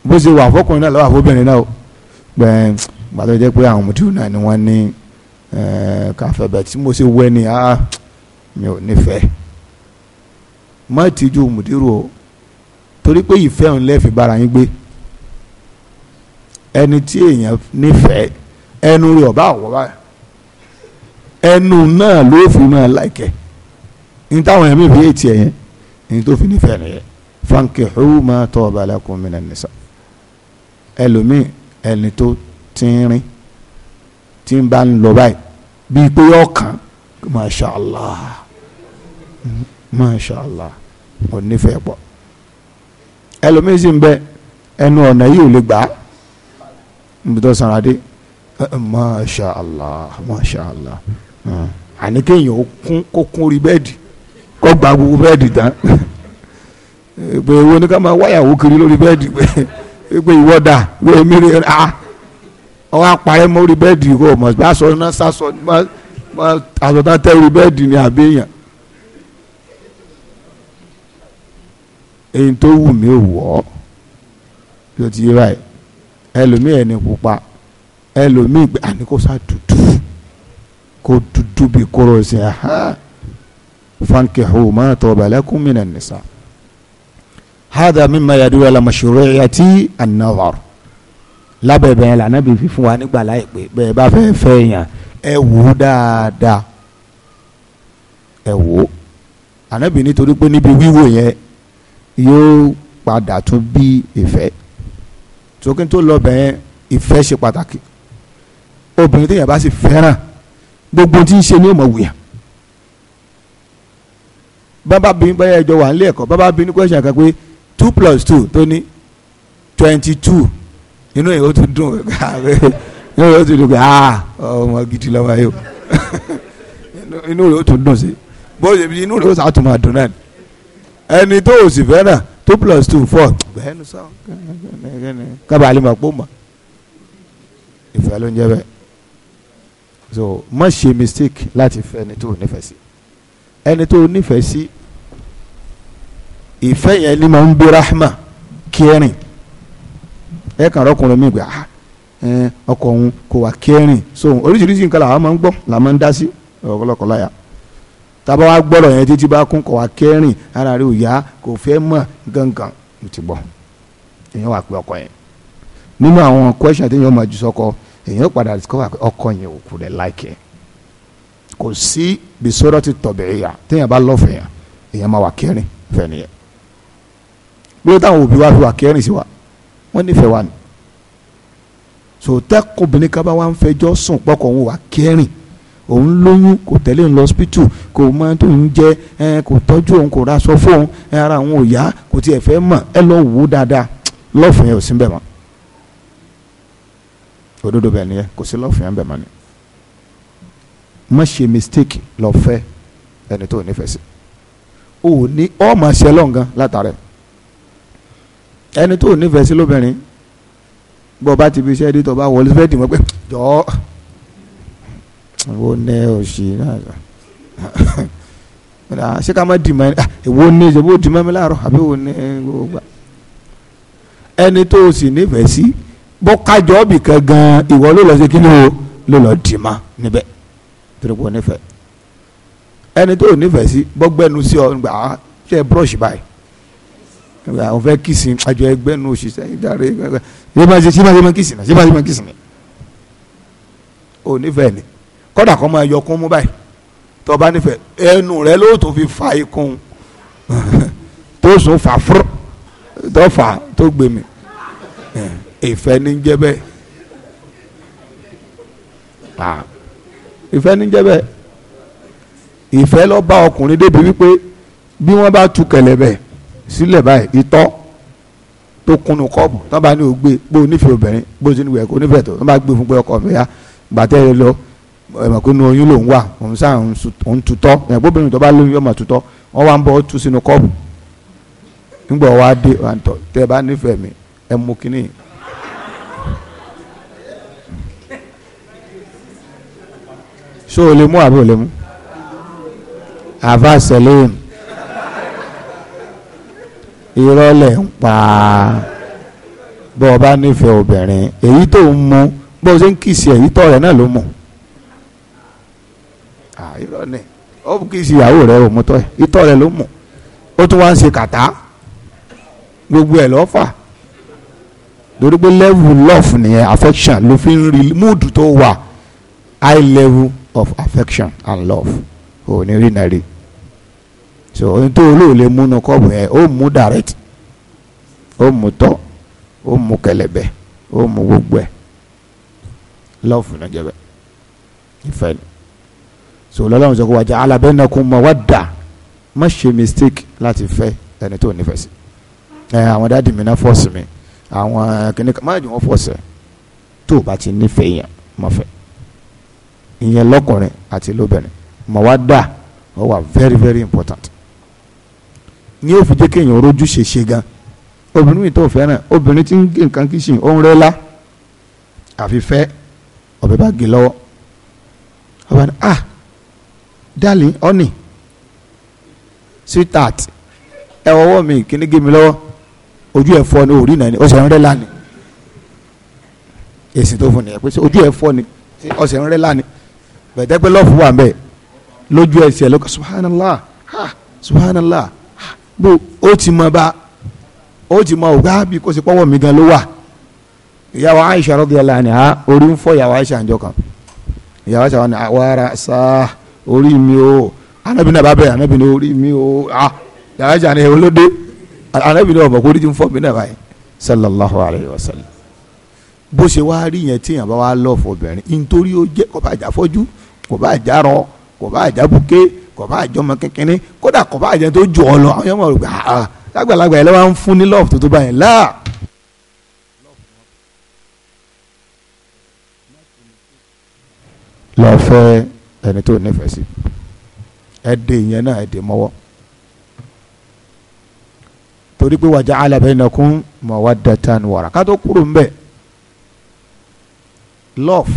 bó ṣe wà fọkùnrin náà lọ́wọ́ àfọbìnrin náà o gbẹ̀ẹ́n gbàtọ́ jẹ́ pé àwọn mùtíù náà ni wọ́n ní eh, káfẹ́ bẹ̀ tí mo ṣe wẹ́ ni ah mi ò nífẹ̀ẹ́ má tìjú mùdírù o torí pé ìfẹ́ òun lẹ́ẹ̀fì bára yín gbé ẹni tí èèyàn nífẹ̀ẹ́ ẹnu rẹ̀ ọ̀bá àwọ̀ báyìí ẹnu náà ló fi máa láìkẹ́. Like ní táwọn ẹ̀mí fi ètì ẹ̀yẹn ní tó fi nífẹ̀ẹ́ nìyẹn fankihu ma taba lakum minan nisa ẹlòmíì ẹni tó tínrín tí ń bá ń lọ báyìí bíi pé ọkàn masha allah masha allah ò nífẹ̀ẹ́ pọ̀ ẹlòmíì sì ń bẹ ẹnu ọ̀nà yìí ò lè gbà á níbi tó sanra dé eh, àní kéèyàn ó kún kó kún rí bẹ́ẹ̀dì kọ́ gba gbogbo bẹ́ẹ̀dì tán pé wo ni ká máa wáyàwó kiri lórí bẹ́ẹ̀dì pé pé ìwọ dà pé mìíràn a ah! ọwọ́ apàrẹ́ mọ́ orí bẹ́ẹ̀dì kò mọ̀ bá aṣọ náà sásọ aṣọ tá tẹ́ orí bẹ́ẹ̀dì ni àbí èèyàn. èyí tó wù mí ò wọ́ yóò ti yé báyìí ẹlòmíì ẹni pupa ẹlòmíì gbé àníkó sá dúdú kó dúdú bí kóró ẹsẹ̀ hàn fankihu ma taba lakum minan nisa hada mimma yadu ala mashru'iyati an-nazar lábẹ́ bẹ́ẹ̀ lànà bí fífún wa nígbà láìpẹ́ bẹ́ẹ̀ bá fẹ́ fẹ́ yàn ẹ wò ó dáadáa ẹ wò ó ànábì nítorí pé níbi wíwò yẹn yóò padà tún bí ìfẹ́ tókín tó lọ bẹ́ẹ̀ ìfẹ́ ṣe pàtàkì obìnrin téèyàn bá sì fẹ́ràn gbogbo tí ń ṣe ni ó mọ̀ wùyàn bàbá bí bẹ́ẹ̀ ẹjọ́ wà nílé ẹ̀kọ́ bàbá bí ní question kan pé two plus two tó ní twenty two inú yìí ó ti dùn inú yìí ó ti dùn pé ah ọmọ gidi lọ́wọ́ yìí o inú yìí ó ti dùn sí bó ṣe bí inú yìí ó sá tún máa dùn náà ẹni tó o sì fẹ́ náà two plus two four bẹ́ẹ̀ni sọ kábàálì máa pò mọ́ ìfẹ́ ló ń jẹ́ bẹ́ẹ̀ so má ṣe mistake láti fẹ́ ẹni tó o nífẹ̀ẹ́ sí ẹni tó o nífẹ̀ẹ́ sí ìfẹ́ yẹn ni mo ń gbé rahma kẹrin ẹ kàn rọkùnrin mi gbé ah ọkọ òun kò wá kẹrin so oríṣiríṣi nǹkan làwọn máa ń gbọ́ làwọn máa ń dá sí ọ̀pọ̀lọpọ̀ láyà tábà wá gbọ́dọ̀ yẹn títí bá kún kò wá kẹrin ara rẹ ò kò fẹ́ mọ̀ gangan ló ti bọ̀ èèyàn wà pé ọkọ yẹn nínú àwọn question tí èèyàn máa jù sọkọ èèyàn padà kọ́ wà pé ọkọ yẹn ò kú rẹ̀ láìkẹ́ kò sí bisọ́rọ́ ti tọ̀bẹ̀ yà téèyàn bá lọ́fẹ̀ẹ́ yà èèyàn máa wà kẹrin fẹ́ nìyẹn gbọ́dọ̀ táwọn òbí wa fi wà kẹrin sí wa wọ́n nífẹ̀ẹ́ wa ni sòtẹ́ obìnrin kan bá wà ń fẹjọ́ sùn pọkàn òun wà kẹrin òun lóyún kò tẹ̀lé ń lọ hospital kò mọ tó ń jẹ ẹ kò tọ́jú òun kò raṣọ fóun ara òun ò yá kò tiẹ̀ fẹ́ mọ̀ ẹ lọ wò ó dáadáa lọ́ọ̀fù yẹn ò sí bẹ̀ mọ́ òdodo bẹ́ẹ̀ nìyẹn kò sí lọ́ọ̀fù yẹn bẹ̀ mọ́ ni má ṣe mistake lọ ẹni tó nífẹ̀ẹ́ sí o ní ọ́ máa ṣe lọ́ngàn látàrẹ́ ẹni tó nífẹ̀ẹ́ sí lóbìnrin bọ́ bá ti fi iṣẹ́ dé tó bá wọlé fẹ́ dì wọ́n pé jọ́ wo ní òṣì náà ṣé ká má dì mọ́ ẹ wo ní ìṣẹ́ bó dì mọ́ mi láàárọ̀ àbí wo ní gbogbo ẹni tó o sì nífẹ̀ẹ́ sí bó kájọ́ bì kan gan ìwọ ló lọ sí kí ni o ló lọ dì má níbẹ̀ torí pé o nífẹ̀ẹ́ ẹni tó o nífẹ̀ẹ́ sí bó gbẹ́nu sí ọ gbà á ṣe brush báyìí àwọn fẹ́ kìsìn àjọ ẹgbẹ́ nu òṣìṣẹ́ ìdáre ṣé bá ṣe máa ṣe máa kìsìn náà ṣé bá ṣe máa kìsìn náà ò nífẹ̀ẹ́ ni kọ́dà kọ́ máa yọ kún mú báyìí tó bá nífẹ̀ẹ́ ẹnu rẹ ló tó fi fa ikùn tó sùn fà fúrú tó fà tó gbé mi eh, ìfẹ́ ní jẹ́ bẹ́ẹ̀ ìfẹ́ ní jẹ́ bẹ́ẹ̀ ìfẹ́ lọ bá ọkùnrin débi wípé bí wọ́n bá tu kẹ̀lẹ̀ bẹ́ẹ̀ sílẹ̀ báyìí itọ́ tó kunu kọ́ọ̀bù tó bá ní o gbé bó o nífẹ̀ẹ́ obìnrin bó o ti níwẹ̀ẹ́ kó o nífẹ̀ẹ́ tó tó bá gbé fún pé ọkọ mi ya gbàtẹ́ rẹ lọ ẹ̀mọ̀ pé inú oyún lòún wà òun sá òun tutọ́ ẹ̀gbọ́n obìnrin tó bá lóyún yọmọ tutọ́ wọ́n wá ń bọ́ tú sínú kọ́ọ̀bù nígbà wá dé àǹtọ̀ tẹ́ ẹ bá nífẹ̀ẹ́ mi ẹ mú kínní. ṣé o lè mú àbí o lè mú? àfa sẹ́lẹ̀ yìí ìrọ̀lẹ̀ ń pa bọ́ ọba nífẹ̀ẹ́ obìnrin èyí tó ń mu bó ṣe ń kìsì èyí tọ̀ rẹ̀ náà ló mu ìrọ̀lẹ̀ ó kìsì ìyàwó rẹ̀ ò mú tọ́ ẹ̀ ìtọ̀ rẹ̀ ló mu ó tún wá ń ṣe kàtá gbogbo ẹ̀ lọ́fà torí pé level love nìyẹn affection ló fi ń rí mood tó wà high level of affection and love ò ní rí nàrí so ohun tó olóòlè múnú kọ́ọ̀bù yẹn ó mú direct ó mú tọ́ ó mú kẹlẹ̀bẹ̀ ó mú gbogbo ẹ̀ lọ́ọ̀fù náà jẹ́ bẹ́ẹ̀ ìfẹ́ ni so lọ́lọ́run sọ pé wàjà alábẹ́nàkùn mawadda má ṣe mistake láti fẹ́ ẹni tó nífẹ̀ẹ́ sí ẹ àwọn dáàdì mi náà fọ́ọ̀sì mi àwọn kìnnìkan má jù wọ́n fọ́ọ̀sì ẹ̀ tó o bá ti nífẹ̀ẹ́ yẹn má fẹ́ ìyẹn lọ́kùnrin àti lóbìnrin mawadda ó wà very very important ni yóò fi jẹ́ kéèyàn rojú ṣe ṣe gan obìnrin mi tó fẹ́ràn obìnrin tí ń gé nǹkan kìsìn ó ń rẹ́lá àfi fẹ́ ọ̀bẹ bá gé lọ́wọ́ ọba ni ah darling honey sweetheart ẹ ọwọ́ mi kí ni gé mi lọ́wọ́ ojú ẹ̀ fọ́ ni òrí náà ni ó sì ń rẹ́lá ni èsì tó fún nìyẹn pé ojú ẹ̀ fọ́ ni ó sì ń rẹ́lá ni bẹ̀ẹ́dẹ́gbẹ́ lọ́ọ̀fù wà mẹ́ẹ̀ lójú ẹsẹ̀ lọ́kọ̀ subhanallah ha subhanallah bó o ti mọ bá o ti mọ ògá bí kò sí pọ́wọ́ mi gan ló wà ìyàwó Aisha radiyallahu anha orí ń fọ́ ìyàwó Aisha àjọ kan ìyàwó Aisha wọn ni àwárà sá orí mi o anabi náà bá bẹ̀rẹ̀ anabi náà orí mi o ah ìyàwó Aisha ni èwo ló dé anabi náà ọmọ kò orí ti ń fọ́ mi náà báyìí sallallahu alayhi wa sallam bó ṣe wá rí yẹn tí yẹn bá wá lọ́ọ̀fọ̀ obìnrin nítorí ó jẹ́ kó bá jà fọ́jú kó bá jà rọ kó bá jà buké kò bá àjọmọ kékeré kódà kò bá tó jù ọ lọ àwọn yọmọ rẹ gbà á ah, lágbàlagbà yẹn lọ́wọ́ ń fún ní lọ́ọ̀fù tó tó báyìí láà. lọ fẹ́ ẹni tó nífẹ̀ẹ́ sí ẹ dè yẹn náà ẹ dè mọ́wọ́ torí pé wàjà alábẹ́nàkún mawaddatan wàrà ká tó kúrò ń bẹ̀ love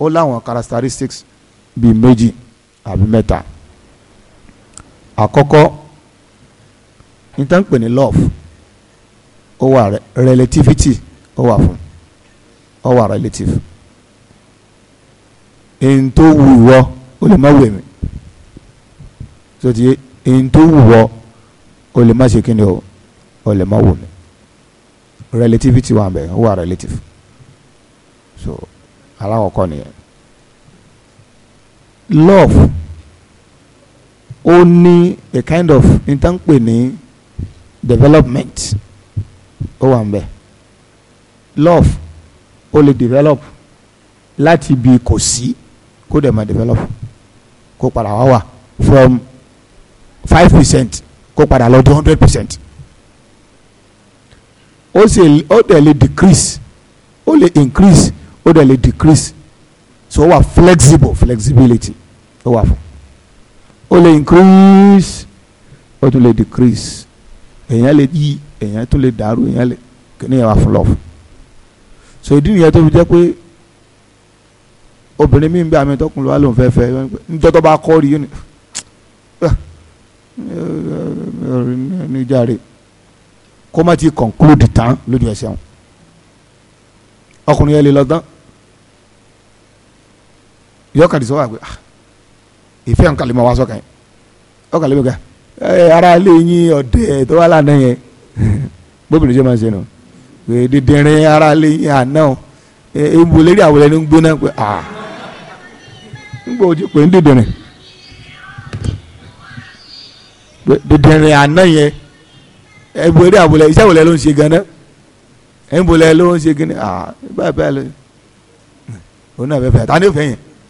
ó láwọn characteristics bíi méjì àbí mẹ́ta àkọ́kọ́ nítorí pé ní love ó wà relativity ó wà fún ó wà relative èyí tó wù wọ ó lè má wù mí tó ti èyí tó wù wọ ó lè má ṣe kí ni o ó lè má wù mí relativity wà bẹ́ẹ̀ ó wà relative so aláwọ̀ kọ́ nìyẹn love ó ní a kind of intanpe ní development ó wà ń bẹ love ó lè develop láti ibi kò sí kó dẹ̀ máa develop kó padà wá wà from five percent kó padà lọ two hundred percent ó sì ó dẹ̀ lè decrease ó lè increase ó dẹ̀ lè decrease so ó wà flexible flexibility ó wà fún ó lè increase ó tún lè decrease èèyàn lè yí èèyàn tún lè dàrú èèyàn lè kíní yẹn wà fún lọ́ọ̀fù so ìdí nìyẹn tó fi jẹ́ pé obìnrin mi ń bẹ àmì tọkùnrin wa lòun fẹ́ẹ́ fẹ́ nítorí bá kọ́ rí yóò ní ah, níjàre kó má ti conclude tán lójú ẹsẹ̀ wọn ọkùnrin yẹn lè lọ tán yọkàdì sọ wà pé ah, ìfẹ́ nǹkan lè mọ wá sọ́kàn yẹn ọkàn lè mọ ká ẹ eh, ara lè yín ọ̀dẹ tó wà lánàá yẹn bóbìnrin jẹ́ máa ṣe nù pé dídìrín ara lè yín àná o eh, ewu lérí àwòrán ẹni ń gbóná pé ah nígbà ojú pé ń dídìrín dídìrín àná yẹn ewu lérí àwòrán iṣẹ́ àwòrán ló ń ṣe gan-an ewu lérí ló ń ṣe gan-an ah báyìí báyìí lọ òun náà fẹ́ fẹ́ ta ni ó fẹ́ yẹn.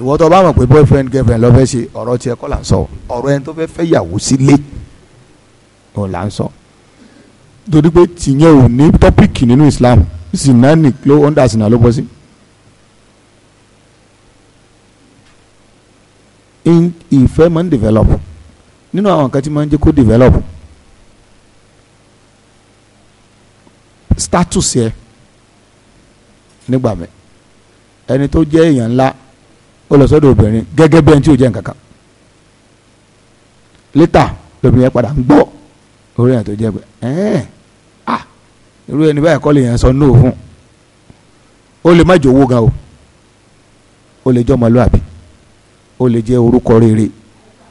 ìwọ tó bá mọ̀ pé boyfriend girlfriend lọ́fẹ́ ṣe ọ̀rọ̀ tiẹ̀ kọ́ là ń sọ ọ̀rọ̀ ẹni tó fẹ́ fẹ́ yàwó sílé òun là ń sọ torí pé tìyẹn ò ní tọ́pìkì nínú Islam sinna ní ló ọ́ndà sinna ló bọ́ sí. ìfẹ́ máa ń develop nínú àwọn kan tí máa ń jẹ́ kó develop status yẹ nígbà mi ẹni tó jẹ́ èèyàn ńlá ó lọ obìnrin gẹ́gẹ́ bí tí ò jẹ́ nǹkan kan lẹ́tà yẹn padà ń gbọ́ orí yẹn tó jẹ́ pé ẹ́ẹ́ à ah, irú ẹni báyìí kọ́ O yẹn sọ nóò fún o. lè o le lè jẹ́ ọmọlúwàbí O lè jẹ́ orúkọ rere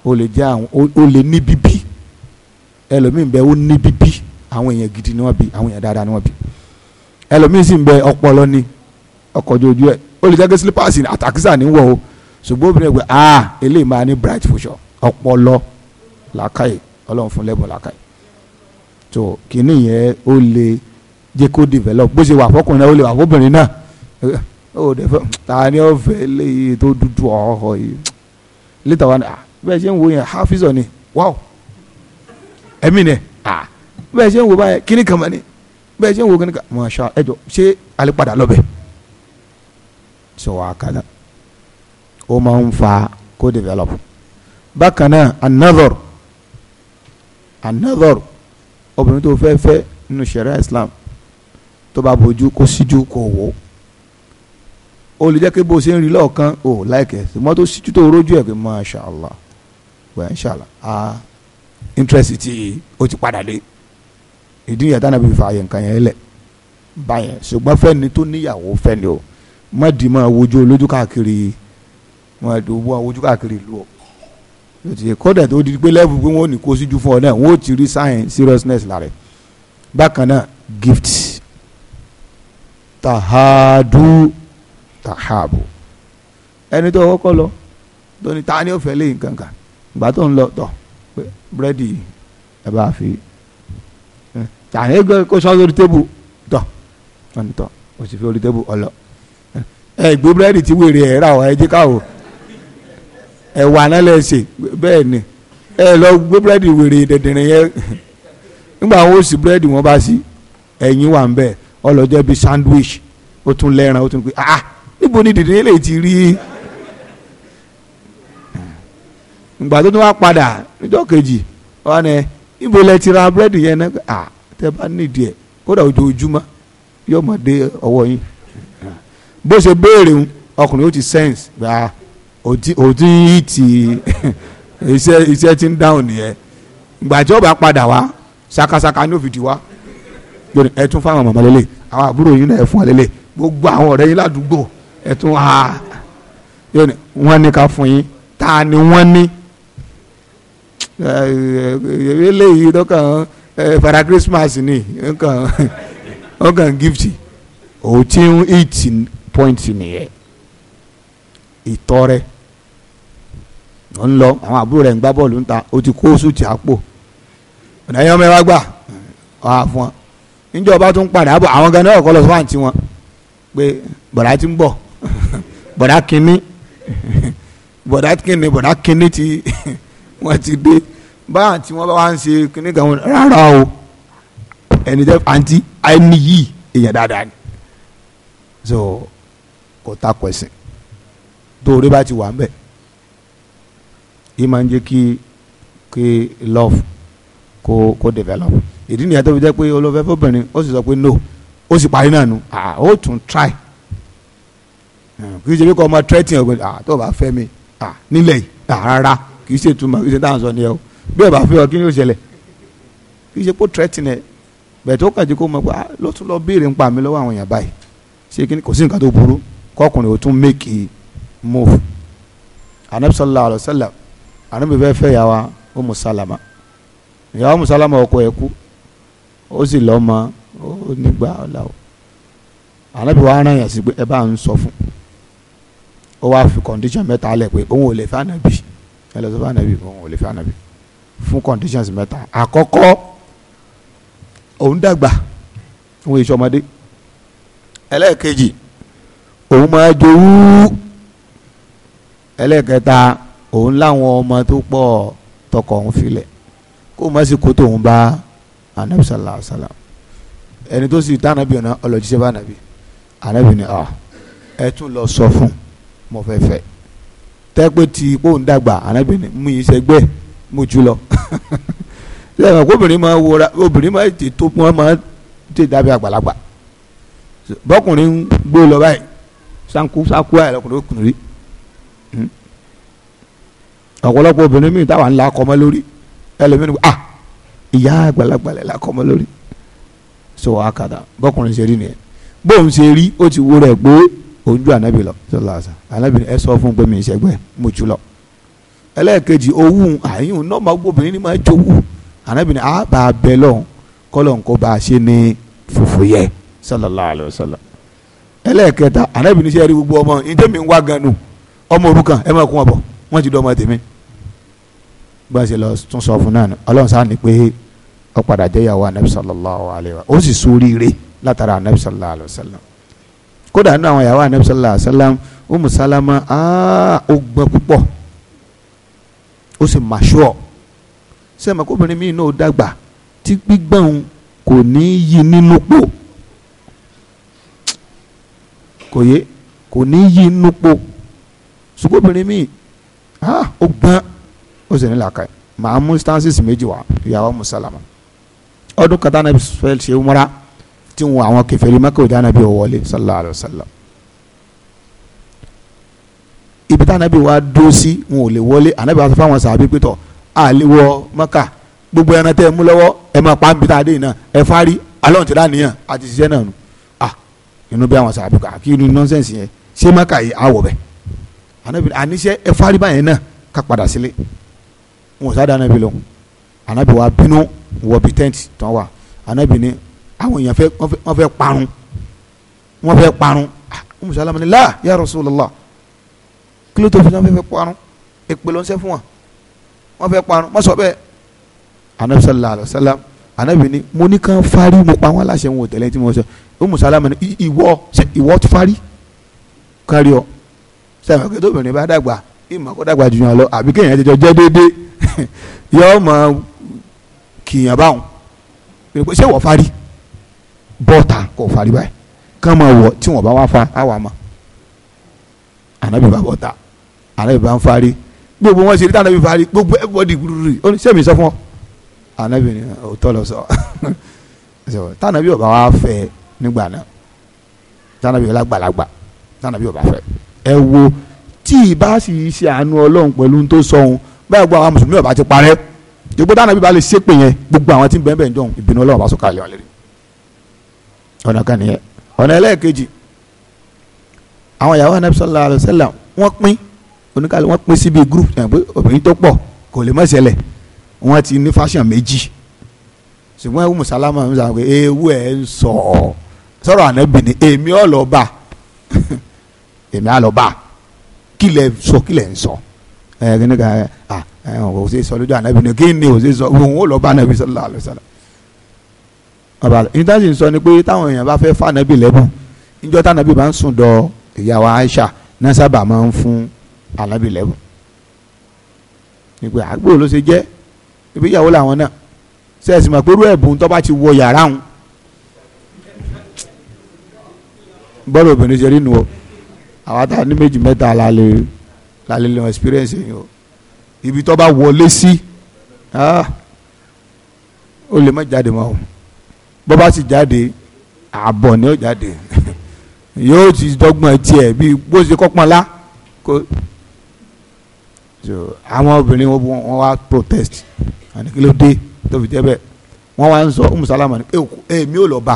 O lè jẹ́ àwọn lè ní bíbí ẹlòmíín bẹ ó ní bíbí gidi ni wọ́n bí àwọn èèyàn dáadáa ni wọ́n ẹlòmíín sì ń bẹ ọpọlọ ni ọkọ ojú ó lè jẹ́ pé slippers àtàkísà ní wọ̀ o ṣùgbọ́n obìnrin ẹgbẹ́ ah eléyìí máa ní bright future ọpọlọ làákàyè ọlọ́run fún lẹ́bùn làákàyè tó kìíní yẹn ó lè jẹ́ kó develop bó ṣe wà fọkùnrin náà ó lè wà fọbìnrin náà ó dẹ fẹ́ ta ni ó fẹ́ léyìí tó dúdú ọ̀họ̀ yìí lítà wa ni ah bẹ́ẹ̀ ṣe ń wo yẹn hafizọ ni wow ẹ̀mí ni ah bẹ́ẹ̀ ṣe ń wo báyẹn kíní kan mọ́ ni bẹ́ẹ̀ ṣe ń wo kíní kan mọ̀ ṣá ẹ̀jọ̀ ṣé alẹ́ padà lọ́bẹ̀ẹ́ so hakada ó máa ń fa kó develop bákan náà another another obìnrin tó fẹ́ fẹ́ nínú sharia islam tó bá bójú kó síjú kó wò ó lè jẹ́ pé bó ṣe ń rí lọ́ọ̀kan ò láìkẹ́ ṣùgbọ́n tó síjú tó rójú ẹ̀ pé masha allah wẹ̀ ṣàlà á interest ti ó ti padà dé ìdí ìyàtọ̀ náà fi fa àyè yẹn lẹ̀ báyẹn ṣùgbọ́n fẹ́ni tó níyàwó fẹ́ni o má di máa wojú olójú káàkiri máa di owó àwọn ojú káàkiri ìlú ọ kódà tó di pé lẹ́bù pé wọ́n ò ní kó síjú fún ọ náà wọ́n ò ti rí sign seriousness lára bákan náà gift tahadu tahabu ẹni tó kọ́kọ́ lọ tó ní ta ni ó fẹ́ lé nǹkan kan ìgbà tó ń lọ tọ̀ pé búrẹ́dì ẹ bá fi tàní kó sọ́ọ́ lórí tébù tọ̀ wọ́n ní fi orí tébù ọlọ́ọ̀ ẹ gbé búrẹ́dì tí wèrè ẹ̀ rà wá ẹ jẹ́ ká wò náà lẹ̀ bẹ́ẹ̀ ni ẹ lọ gbé búrẹ́dì wèrè dẹ̀dẹ̀rẹ̀ yẹn nígbà wọn ó sì búrẹ́dì wọn bá sí ẹ̀yìn wà ń bẹ̀ ọlọ́jọ́ bíi sandwich ó tún lẹ́ran ó tún pé ah níbo ni lè ti rí ìgbà tó tún wá padà níjọ́ kejì wọn ni níbo lẹ ti ra búrẹ́dì yẹn náà ah tẹ bá nídìí ẹ kódà ojoojúmọ́ bó ṣe béèrè ń ọkùnrin ó ti sense gba òtí yìí ti iṣẹ́ iṣẹ́ ti ń dáhùn nìyẹn ìgbà tí ó bá padà wá ṣakaṣaka ní òfìdí wá ẹ tún fáwọn màmá lélẹ̀ àwọn àbúrò yín náà ẹ fún wa lélẹ̀ gbogbo àwọn ọ̀rẹ́ yín ládùúgbò ẹ tún ha wọ́n ní ká fún yín ta ni wọ́n ní eléyìí lọ́kàn fara Christmas ni ọkàn gift òtí ń eat point nìyẹn ìtọrẹ ọ̀ ń lọ àwọn àbúrò rẹ̀ ń gbá bọ́ọ̀lù ń ta ó ti kó sùtì àpò ọ̀nà ẹ̀yàn mẹ́wàá gbà wàá fún wọn níjọba tún padà bọ̀ àwọn gan náà kọ́ fún àǹtí wọn pé bọ̀dá ti ń bọ̀ bọ̀dá kínní bọ̀dá kínní bọ̀dá kínní ti wọ́n ti dé báyà tí wọ́n bá wá ń ṣe kínní kan wọn rárá o ẹni tẹ́ àǹtí ẹni èèyàn dáadáa ni so kò takò ẹ̀sìn torí bá ti wà ń bẹ̀ yìí máa ń jẹ́ kí kí love kó kó develop ìdí nìyẹn tó fi jẹ́ pé olófẹ́ fóbìnrin ó sì sọ pé no ó sì parí náà nu ó tún try kì í ṣe bí kò ọmọ threatening ọ̀gbìn tó o bá fẹ́ mi nílẹ̀ yìí rárá kì í ṣe ìtumọ̀ kì í ṣe táwọn sọ nìyẹn o bí o bá fẹ́ ọ kí ni yóò ṣẹlẹ̀ kì í ṣe kó threatening ẹ̀ bẹ̀ẹ̀ tó kàn jẹ́ kó mọ̀ pé ló tún lọ béèrè ń pa mi lọ́wọ́ àwọn èèyàn báyìí ṣé kí ni kò sí nǹkan tó burú kọkùnrin ò tún make move anabi sallallahu alayhi wa sallam anabi fẹ́ fẹ́ yà wá Umu Salama ìyàwó Umu Salama ọkọ ẹ̀ kú ó sì lọ́ ma ó nígbà ọ̀la o anabi wa aran yàn sí pé ẹ bá ń sọ fún ó wá fi condition mẹ́ta lẹ̀ pé òun ò lè fẹ́ anabi ẹ lọ sọ fún anabi òun ò lè fẹ́ anabi fún conditions mẹ́ta àkọ́kọ́ òun dàgbà òun ìṣọmọdé ẹlẹ́ẹ̀kejì òun máa jowú ẹlẹ́kẹta òun láwọn ọmọ tó pọ̀ tọkọ òun filẹ̀ kó má sì kó tóun bá anabi sallallahu alayhi wa sallam ẹni tó sì tànàbí ọ̀nà ọlọ́jíṣẹ́ bá nàbí anabi ni ah, ẹ tún lọ sọ fún mo fẹ́ fẹ́ tẹ́gbẹ́ ti kóun dàgbà anabi ni mú yìí sẹ́gbẹ́ mú jù lọ lẹ́yìn obìnrin máa wọra obìnrin máa tètè tó wọ́n máa tètè dábẹ́ àgbàlagbà bọ́kùnrin ń gbó lọ báyìí sanku sanku ayẹlẹ kò ló kùn rí hmm. ọ̀pọ̀lọpọ̀ obìnrin mi táwa ńlá kọ́mọ lórí ẹlòmínú ah ìyá àgbàlagbà lẹ̀ la kọ́mọ lórí so akada bọ́kùnrin ṣe rí nìyẹn bóun ṣe rí ó ti wúrọ̀ ẹ̀ pé òun lọ sọlá àṣà ẹ sọ fún pé mi ìṣẹ́gbẹ́ lọ ẹlẹ́ẹ̀kejì owó àyùn náà máa ni máa jowó ànábì ni ah, a bá bẹ lọ́hùn kọ́lọ̀ nǹkan bá a ṣe ní fòfò yẹ sallallahu alaihi wasallam ẹlẹ́ẹ̀kẹta anábìíní sẹ́ rí gbogbo ọmọ yìí tẹ́mi ń wá gan nù ọmọ òrukàn ẹ máa kún wọn bọ̀ wọ́n ti dọ́ ọmọ tèmi. bá a ṣe lọ tún sọ fún náà ọlọ́run sáà ní pé ó padà jẹ́ anabi sallallahu alayhi wa ó sì sóríire látara anabi sallallahu alayhi wa sallam kódà nínú àwọn ìyàwó anabi sallallahu alayhi wa sallam umu salama ah, ó gbọ́n púpọ̀ ó sì màṣúọ̀ sẹ́mi kóbìnrin míì náà dàgbà tí gbígbọ́n kò ní yí nínú pò kò yé kò ní yí inú po ṣùgbọ́n obìnrin míì ha ó gbọ́n ó sì ní làákàyè màá mú stances méjì wá ìyàwó musalama ọdún kata náà fẹ́ ṣe múra tí wọn àwọn kẹfẹ́rí mẹ́kẹ́ òde ànábì wọlé sallallahu alayhi wa sallam ibi tí ànábì wa dó sí wọn ò lè wọlé ànábì wa sọ fún àwọn sàbí pé tọ̀ àlewọ mẹ́kà gbogbo ẹran tẹ́ ẹ mú lọ́wọ́ ẹ máa pa ń bi tá a dé yìí náà ẹ fárí alọ́ọ̀tì rà nìyàn àti ṣiṣẹ́ náà nù inú bí àwọn sàbí kà kí ni nọ́nsẹ̀nsì yẹn ṣé má kà yìí àwọ̀ bẹ̀ anabi àníṣe ẹ fáríbá yẹn náà ká padà sílé wọn sá dá anabi lọ anabi wa bínú wọ bi tẹ́ǹtì tán wa anabi ni àwọn èèyàn fẹ́ wọ́n fẹ́ parun wọ́n fẹ́ parun ọmọ sàlámù ni la ya Rasulullah Kilo ló tó fi náà fẹ́ parun èpè ló ń sẹ́ fún wa wọ́n fẹ́ parun má sọ bẹ́ẹ̀ anabi sallallahu alayhi wa sallam anabi mo ní kàn fárí mo pa wọn láṣẹ wọn ò tẹ̀lé tí mo sọ Umu Salama ni ìwọ ìwọ ti fárí kárí ọ sẹ́wọ̀n kí tóbìnrin bá dàgbà ìmọ̀ kó dàgbà jù yàn lọ àbí kéèyàn ti jọ jẹ́ déédéé yọ mọ kìyàn báwọn pé ṣé wọ́n fárí bọ́ọ̀tà kò fárí báyìí kán máa wọ̀ tí wọ́n bá wá fa àwa mọ̀ ànábì bá bọ́ọ̀tà ànábì bá ń fárí gbogbo wọn ṣe rí tànábì fárí gbogbo everybody gbúdúrú ó ní sẹ́mi sọ fún ọ ànábì ni òótọ́ lọ sọ tànábì ọba wa fẹ́ẹ́ nígbà náà tánàbí ọlá gbàlagbà tánàbí ọba fẹ ẹ wo tí ìbá sì ṣe àánú ọlọ́run pẹ̀lú tó sọ̀hún báyìí gbọ́ àwọn mùsùlùmí ọba ti parẹ́ gbogbo tánàbí ba lè ṣépè yẹn gbogbo àwọn tí ń bẹ́ẹ̀ bẹ́ẹ̀ ń jọ̀hún ìbínú ọlọ́run bá sọ̀kalẹ̀ ọ̀lẹ́rì ọ̀nà kan nìyẹn ọ̀nà ẹlẹ́ẹ̀kejì àwọn ìyàwó anabi sallam wọ́n pín oníkàlẹ̀ wọ́n group yẹn pé obìnrin tó pọ̀ kò lè má ṣẹlẹ̀ wọ́n ti ní fashion méjì ṣùgbọ́n ewu musalama ń sọ pé ewu ẹ̀ ń sọ sọ̀rọ̀ ànábì ni èmi ọ̀ lọ bá èmi á lọ bá kí lẹ sọ kí lẹ ń sọ ẹ kí ni ká ẹ ẹ ò sì sọ lójú ànábì ni kí ni ò sì sọ òun ò lọ bá ànábì sallallahu alaihi wasallam ọba ìdájì sọ ni pé táwọn èèyàn bá fẹ́ fànábì lẹ́bùn níjọ́ tánábì bá ń sùn dọ̀ ìyàwó Aisha náà sábà máa ń fún ànábì lẹ́bùn ìpè àgbò ló ṣe jẹ́ ìgbéyàwó làwọn náà ṣe mọ̀ pé irú ẹ̀bùn tó bá ti wọ yàrá òun bọ́ọ̀lù obìnrin ṣe rí nu o àwa tá a ní méjì mẹ́ta la lè la lè lọ experience yìí o ibi tó bá wọlé sí ah, ó lè má jáde mọ́ o bó bá sì jáde àbọ̀ ni ó jáde yóò ti dọ́gbọ́n tiẹ̀ bí bó ṣe kọ́pọ́n lá kó àwọn obìnrin wọn wá protest àní kí ló dé tó fi jẹ́ bẹ́ẹ̀ wọ́n wá ń sọ ọmọ sálámà ni èmi ò lọ bá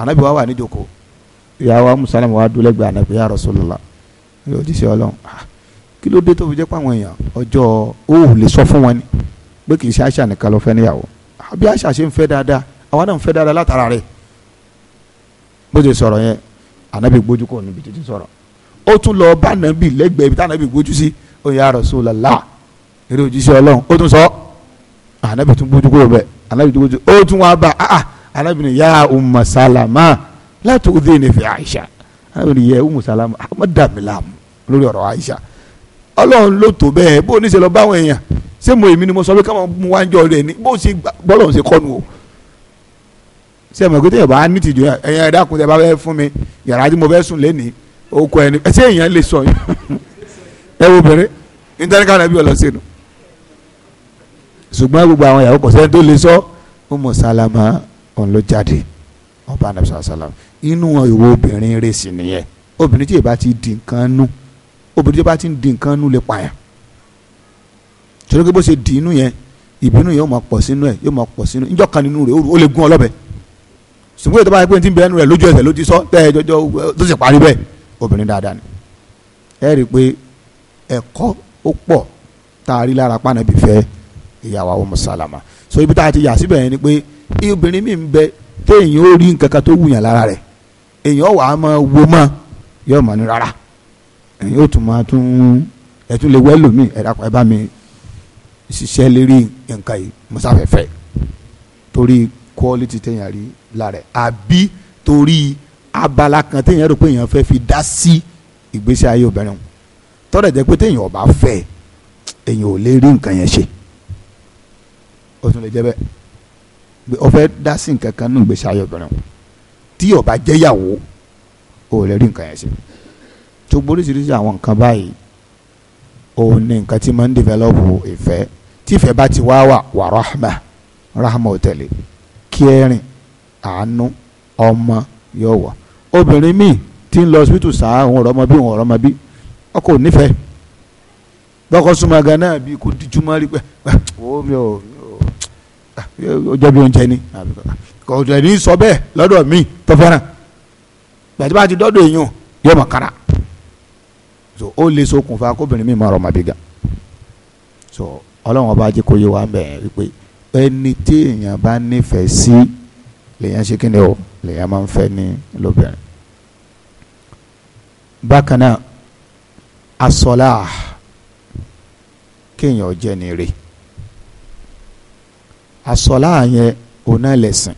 ànábì wa wà níjókòó ìyàwó amusalama wa dúró lẹ́gbẹ̀ẹ́ ànàbí ya Rasulullah ilé òjíṣẹ́ Ọlọ́run ah, kí ló dé tó fi jẹ́ pé àwọn èèyàn ọjọ́ òòhù lè sọ fún wọn ni pé kì í ṣe àṣà nìkan ló fẹ́ níyàwó àbí ah, àṣà ṣe ń fẹ́ dáadáa àwa náà ń fẹ́ dáadáa látara rẹ̀ bó ṣe sọ̀rọ̀ yẹn ànábì gbójú kò níbi títí sọ̀rọ̀ ó tún lọ bá ànábì lẹ́gbẹ̀ẹ́ ibi tánábì gbójú sí ó ya Rasulullah eré òjíṣẹ́ Ọlọ́run ó tún sọ ànábì tún gbójú kúrò bẹ́ẹ̀ ànábì tún gbójú ó tún wá bá ah, ànábì ní ya Umma Salama láti òde ní fi àìsà àwọn ènìyàn umu salama àmọ́ dàmí láàmú lórí ọ̀rọ̀ àìsà ọlọ́run ló tó bẹ́ẹ̀ bó o ní ṣe lọ báwọn èèyàn ṣé mo èmi ni mo sọ pé káwọn mú wájú rẹ ni bó o ṣe bọ́lọ̀ ṣe kọ́nu o ṣé ẹ̀mọ̀ ìgbésẹ̀ bá ní tìjú ẹ̀yàn ẹ̀dá kun tẹ bá fẹ́ fún mi yàrá tí mo fẹ́ sùn lẹ́ni oko ẹni ṣé èèyàn lè sọ yín ẹ wo bẹ̀rẹ̀ nítorí káwọn ẹbí ọlọ́sẹ̀ nù ṣùgbọ́n gbogbo àwọn ìyàwó kọ̀ọ̀sẹ́ tó lè sọ umu salama ọ̀n ló jáde ọba anabi sallallahu inú ìwọ obìnrin rẹ̀ sì nìyẹn obìnrin tí ìbá ti di nǹkan nú obìnrin tí ìbá ti di nǹkan nú lè pààyàn torí pé bó ṣe di inú yẹn ìbínú yẹn yóò máa pọ̀ sínú ẹ̀ yóò máa pọ̀ sínú ìjọ kan nínú rẹ̀ ó lè gún ọ lọ́bẹ ṣùgbọ́n ìjọba ẹgbẹ́ tí ń bẹ ẹnu rẹ̀ lójú ẹsẹ̀ ló sọ tẹ́ ẹ jọjọ tó sì parí bẹ́ẹ̀ obìnrin dáadáa ni ẹ rí i pé ẹ̀kọ́ ó pọ̀ tá a rí lára pànàbí fẹ́ ìyàwó ọmọ sàlámà so ibi tá a ti yà síbẹ̀ yẹn ni pé obìnrin mi ń bẹ téèyàn ó rí nǹkan kan tó wù lára rẹ̀ èèyàn wà á máa wo mọ́ yóò mọ̀ ní rárá èyí ó tún máa tún ẹ tún lè wẹ́ lómi ẹ dàpọ̀ ẹ bá mi ṣiṣẹ́ lérí nǹkan yìí mọ́sáfẹ́fẹ́ torí quality téèyàn rí lára ẹ̀ àbí torí abala kan téèyàn rò pé èèyàn fẹ́ fi dá sí ìgbésí ayé obìnrin tọ́lẹ̀ jẹ́ pé téèyàn ò bá fẹ́ èèyàn ò lè rí nǹkan yẹn ṣe ó tún lè jẹ́ bẹ́ẹ̀ ó fẹ́ dá sí nǹkan kan nínú ìgbésí ayé obìnrin tí ó bá jẹ́yàwó o ò lè rí nǹkan yẹn ṣe tó gbóríṣiríṣi àwọn nǹkan báyìí òun ni nǹkan tí máa ń dìvẹ́lọ́pù ìfẹ́ tí ìfẹ́ bá ti wá wà wà rahma rahma ò tẹ̀lé kí ẹ̀rìn àánú ọmọ yóò wọ̀ obìnrin míì tí ń lọ síbítù sáà òun ọ̀rọ̀ ọmọ bí òun ọ̀rọ̀ ọmọ bí ọkọ ò nífẹ̀ẹ́ bọ́kọ súnmọ́ gan náà bíi kò dijúmọ́ rí pẹ́ ah, mi ò ah, bí oúnjẹ ni kò dẹ̀ ní sọ bẹ́ẹ̀ lọ́dọ̀ mi tó fẹ́ràn gbàtí bá ti dọ́dọ̀ èèyàn yóò mọ̀ kára so ó lè ṣokùnfà kóbìnrin mi máa rọ̀ so ọlọ́run ọba jẹ́ kó yé wa ń bẹ̀ wípé ẹni tí èèyàn bá nífẹ̀ẹ́ sí lèèyàn ṣe kíni o lèèyàn máa ń fẹ́ ní lóbìnrin bákan náà asọ́lá kéèyàn jẹ́ ni rè asọ́lá yẹn òun náà lẹ̀sìn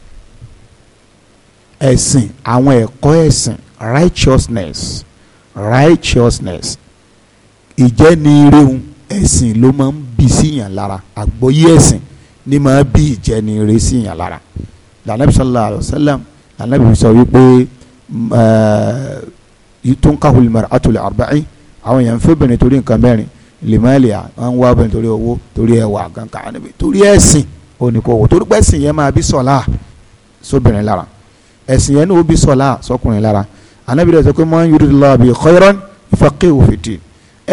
ẹ̀sìn àwọn ẹ̀kọ́ ẹ̀sìn righteousness righteousness ìjẹ́niireun ẹ̀sìn ló máa ń bì síyàn lára àgbọ́yé ẹ̀sìn ni máa bí ìjẹ́niire síyàn lára lànàbí sallallahu alayhi wa sallam lànàbí sọ wípé tunkahul mar'atu li arba'i àwọn èèyàn ń fẹ́ obìnrin torí nǹkan mẹ́rin lèmọ́lìà wọn ń wá obìnrin torí owó torí ẹwà kankan níbi torí ẹ̀sìn òní kò wò torí pẹ́sìn yẹn máa bí sọ̀lá sóbìnrin lára ẹ̀sìn yẹn ní òbí sọ̀la sọkùnrin lára anabi rẹ̀ sọ pé man yuridillahu bihi khayran yufaqihu fid-din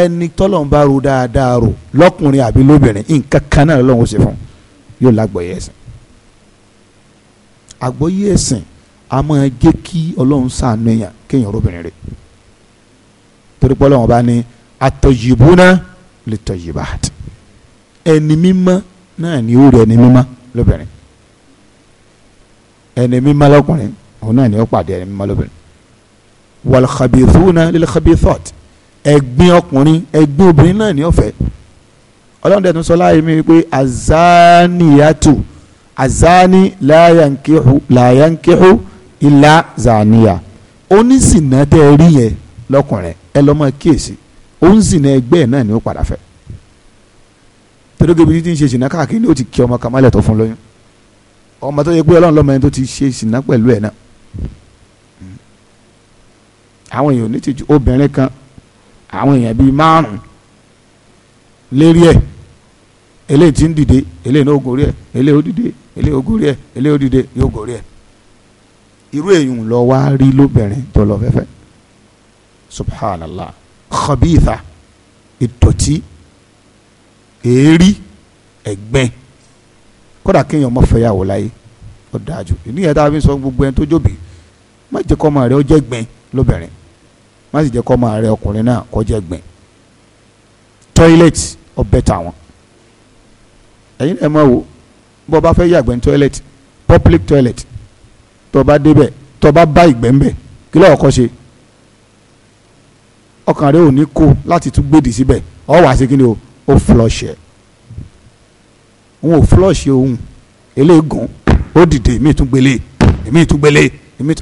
ẹni tọ́lọ̀ ń bá ro dáadáa ro lọ́kùnrin àbí lóbìnrin nǹkan kan náà lọ́wọ́ ṣe fún yóò lágbọ̀ọ́yé ẹ̀sìn àgbọ̀ọ́yé ẹ̀sìn a máa jẹ́ kí ọlọ́run ṣàánú èèyàn kéèyàn róbìnrin rẹ̀ torí pé ọlọ́run bá ní àtọ̀yìnbóná lè tọ̀yìnbá ẹni mímọ́ náà ni ó rí ẹni mímọ́ lóbìnrin ẹni mímọ́ lọ́kùnrin òun náà ni ó pàdé ẹni mímọ́ lóbìnrin wal khabithuna lil khabithat ẹ̀gbin ọkùnrin ẹ̀gbin obìnrin náà ni ó fẹ́ ọlọ́run dẹ̀ tún sọ láàyè mi pé azaniyatu azani la yankihu la yankihu illa zaniya onísìnà tẹ́ ẹ rí yẹn lọ́kùnrin ẹ lọ́ mọ kíyèsí onísìnà ẹgbẹ́ ẹ̀ náà ni ó padà fẹ́ torógebi títí ń ṣe ìsìnà káàkiri ni ó ti kí ọmọ kamalẹ̀ tó fún lóyún ọmọ tó yẹ pé ọlọ́run lọ́mọ ẹni tó ti ṣe ìsìnà pẹ̀lú ẹ̀ náà àwọn èèyàn onítìjú obìnrin kan àwọn èèyàn bíi márùn lérí ẹ eléyìí ti ń dìde eléyìí náà ògòrí ẹ eléyìí ó dìde eléyìí ògòrí ẹ eléyìí ó dìde yóò gòrí ẹ irú èyàn lọ wá rí lóbìnrin tó lọ fẹ́fẹ́ subhanallah khabitha ìdọ̀tí èérí ẹ̀gbẹ́ kódà kéèyàn má fẹ́yàwó láyé ó dájú ìníyàtà fi sọ gbogbo ẹni tó jóbi má jẹ́ kọ́ ọmọ rẹ̀ ó jẹ́ gbẹ́ lóbìnrin má sì jẹ́ kọ́ ọmọ rẹ ọkùnrin náà kọjá gbìn toilet ọbẹ̀ tàwọn ẹ̀yin ẹ̀ máa wò bọ́ bá fẹ́ yàgbẹ́ ní toilet public toilet tó bá débẹ̀ tó bá bá ìgbẹ́ ń bẹ̀ kí ló kọ́ ṣe ọkàn rẹ ò ní kó láti tún gbèdì síbẹ̀ ọ wà sí kíni o ó flush ẹ̀ òun ò flush òun eléegun ó dìde èmi tún èmi tún èmi tún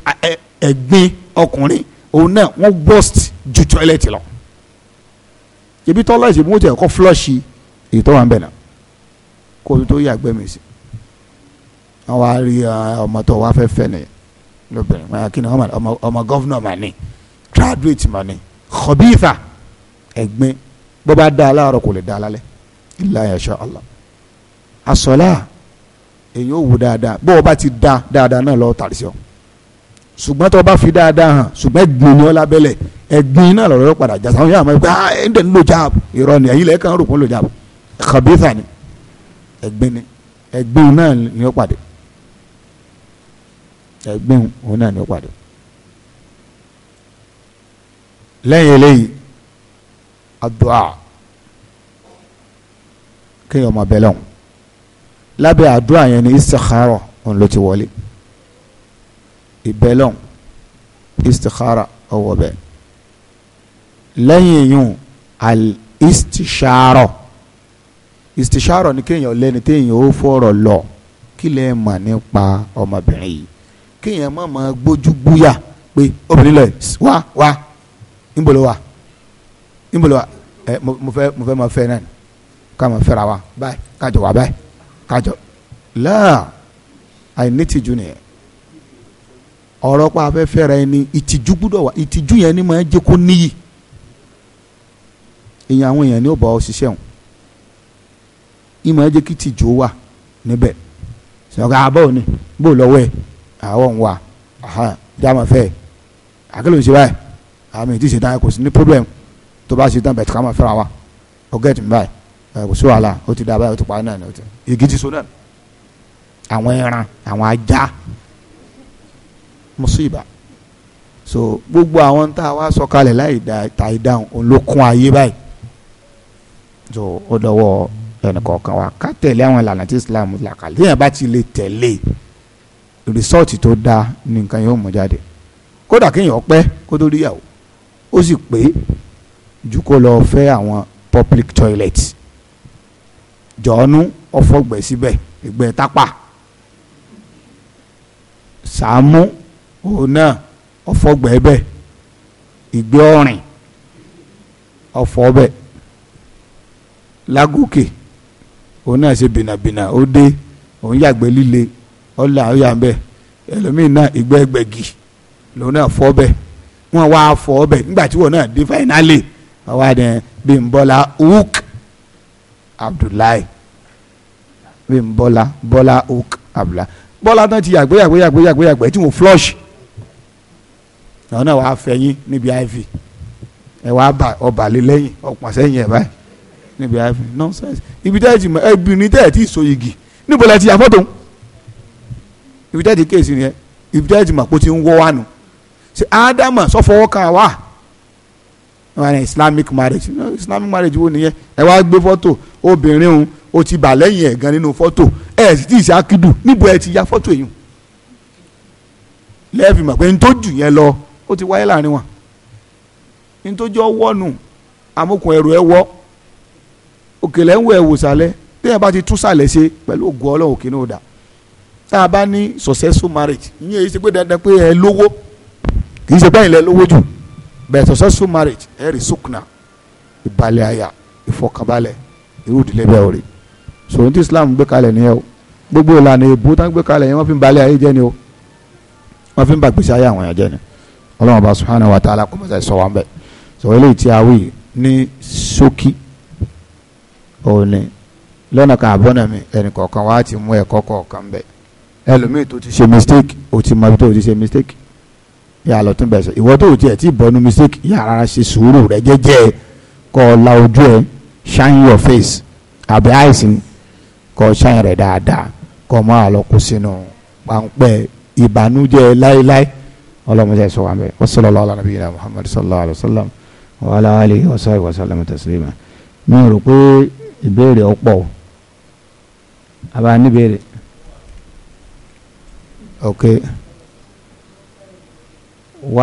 ẹ̀gbin ọkùnrin òun náà wọ́n worst ju toilet lọ ebi toilet mú tẹ̀ kọ́ flush èyí tó wà ń bẹ̀ náà kó o tó yàgbẹ́ mi sí àwọn àárí ọmọ tó wà fẹ́ fẹ́ nìyẹn lóbìnrin wọn kí ni ọmọ ọmọ gọ́vnọ̀ mà ní graduate mà ní kọ̀bíìfà ẹ̀gbin bó bá dá aláàárọ̀ kò lè dá alálẹ̀ ilá yasọ Allah asọ́lá èyí ò wù dáadáa bó o bá ti dá dáadáa náà lọ́ọ́ tàrí sí ọ ṣùgbọ́n tó bá fi dáadáa hàn ṣùgbọ́n ẹ̀gbìn ni ọlá bẹ́lẹ̀ ẹ̀gbìn náà lọ́rọ́ padà jà sáwọn yàrá máa gbé ah ẹ̀ ń dẹ̀ ń lò jáàb irọ́ ni ẹ̀yin lẹ́ẹ̀kan rò fún lò jáàb kàbíyèsà ni ẹ̀gbìn ni ẹ̀gbìn náà ni ó pàdé ẹ̀gbìn òun náà ni ó pàdé. lẹ́yìn eléyìí àdúà kéèyàn máa bẹ lọ́hùn lábẹ́ àdúà yẹn ni istikhara òun ló ti wọlé ìbẹ́lọ́n istikhara ọwọ́ bẹ́ẹ̀ lẹ́yìn yìí al istisharo istisharo ni kéèyàn lẹ́ni téèyàn ó fọ̀rọ̀ lọ kí lè mọ̀ nípa ọmọbìnrin yìí kéèyàn má máa gbójú gbúyà pé obìnrin lọ wá wá níbo ló wà níbo ló wà ẹ mo fẹ́ mo fẹ́ máa fẹ́ náà ká máa fẹ́ra wa báyìí kájọ wà báyìí kájọ láà àìnítìjú nìyẹn ọ̀rọ̀ pa afẹ́ fẹ́ra ẹni ìtìjú gbúdọ̀ wà ìtìjú yẹn ni máa jẹ́ kó níyì ìyẹn àwọn èèyàn ní ò bá ọ ṣiṣẹ́ wọn ìmọ̀ ẹ jẹ́ kí tìjú wà níbẹ̀ sọ̀rọ̀ àbọ̀ òní bó lọ́wọ́ ẹ̀ àwọ̀ ń wà jáma fẹ́ àkìlò ń báyìí àmì ìdí ìṣẹ̀dá kò sí ní problem tó bá ṣe tán bẹ̀ẹ̀ tí ká máa fẹ́ra wa ọgẹ́ tì mí báyìí kò sí wàhálà ó ti dà musiba so gbogbo àwọn tá a wá sọ̀kalẹ̀ láì da tàì dáhùn olókun ayé báyìí so ó dọwọ́ ẹnìkọ̀ọ̀kan wa ká tẹ̀lé àwọn ìlànà tí Islam là kalẹ̀ tí èèyàn bá ti lè tẹ̀lé rìsọ́ọ̀tì tó dáa ní nǹkan yóò mú jáde kódà kéèyàn pẹ́ kó tó ríyàwó ó sì pé ju kó lọ fẹ́ àwọn public toilet jọ̀ọ́nú ọ̀fọ̀gbẹ́ síbẹ̀ ìgbẹ́ tápà sàámú òun náà ọ̀fọ̀gbẹ́ ẹbẹ̀ ìgbẹ́ ọ̀rìn ọ̀fọ̀ ọbẹ̀ lágòkè òun náà ṣe bìnàbìnà ó dé òun yàgbẹ́ líle ọ̀là ọ̀yà ńbẹ ẹlòmíín náà ìgbẹ́ ẹgbẹ̀gì lòun náà fọ́ ọbẹ̀ wọn wá fọ́ ọbẹ̀ nígbà naa wọn náà dé fáínálì àwọn hook Abdullahi Bímbọ́lá Bọ́lá uk Abdullahi Bọ́lá náà ti yàgbé yàgbé yàgbé yàgbé yàgbé tí mo flush àwọn náà wàá fẹ̀yìn níbi iv ẹ wàá bà ọba lé lẹ́yìn ọ̀pọ̀ sẹ́yìn ẹ̀ báyìí níbi iv nonsense ibi tẹ́ ẹ ti mọ ẹbí ni tẹ́ ẹ ti so igi níbo la ti yà fọ́tò ibi tẹ́ ẹ ti kéèsì yẹn ẹ ti mọ̀ pé ó ti ń wọ́ wánu ṣe ádámà sọ́fọwọ́ wà wọn ni islamic marriage no, islamic marriage wo nìyẹn ẹ wá gbé fọ́tò obìnrin òun o ti bà lẹ́yìn ẹ̀ gan nínú fọ́tò ẹ̀ sì ti ṣe akídù níbo ẹ ti ya fọ́tò yìí lẹ́ẹ̀fì mọ̀ pé n tó jù yẹn lọ ó ti wáyé láàrin wọn nítòjọ́ wọ́nù amókun ẹ̀rù ẹ̀ wọ́ òkèlè ń wọ ẹ̀wò sálẹ̀ téèyàn bá ti tún sálẹ̀ ṣe pẹ̀lú ògo ọlọ́run òkè náà dà tá a bá ní successful marriage ìyẹn èyí ṣe pé dandan pé ẹ lówó kì í ṣe pé ìlẹ̀ lówó jù bẹ́ẹ̀ successful marriage ẹ rí sukuna ìbalẹ̀ àyà ìfọkànbalẹ̀ irú ìdílé bẹ́ẹ̀ ò rí sòrò tí Islam gbé kalẹ̀ nìyẹn o gbogbo ìlànà ìbú tán gbé kalẹ̀ yẹn wọ́n fi ń balẹ̀ ayé jẹ́ ni o wọ́n fi ń bàgbèsè ayé àwọn yẹn jẹ́ ni ọlọ́run ọba subhanahu wa ta'ala kò mọ̀sá sọ wọn bẹ́ẹ̀ sọ eléyìí tí a wí ní ṣókí òní lọ́nà kan àbọ̀nà mi ẹnì kọ̀ọ̀kan wa ti mú ẹ̀kọ́ kọ̀ọ̀kan bẹ́ẹ̀ ẹlòmíì tó ti ṣe mistake o ti mọ ibi tó o ti ṣe mistake yà á bẹ̀ sọ ìwọ tó o tiẹ̀ ti bọ̀nu mistake yà ṣe sùúrù rẹ jẹ́jẹ́ kọ́ ọ la ojú ẹ shine your face àbí àìsàn kọ́ ọ shine rẹ dáadáa kọ́ ọ mọ́ àlọ́kù sínú páńpẹ́ ìbànújẹ́ láéláé ọlọ́mọ jẹ́ sọ wà mẹ́ wasalaamu ala nabiyina muhammad sallallahu alayhi wa sallam wa ala alihi wa sahbihi wa sallam taslima mi rò pé ìbéèrè ọ̀pọ̀ o àbá níbèrè ok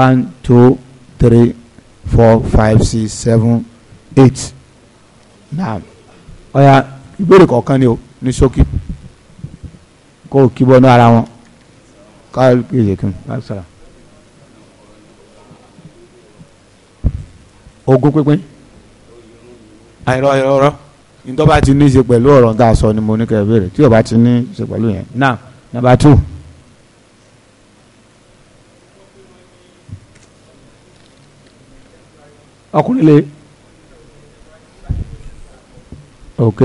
one two three four five six seven eight naam ọ̀ya ìbéèrè kọ̀ọ̀kan ni o ní ṣókí kó o kí bọ́ ní ara wọn ká lè kí n bá sọ̀rọ̀. ogún pínpín àìrọ ìrọrọ ìtọ́ba ti ní í ṣe pẹ̀lú ọ̀rọ̀ tá a sọ ni mo ní kẹ́ ẹ béèrè tí ọba ti ní í ṣe pẹ̀lú yẹn now number two. ọkùnrin lè ok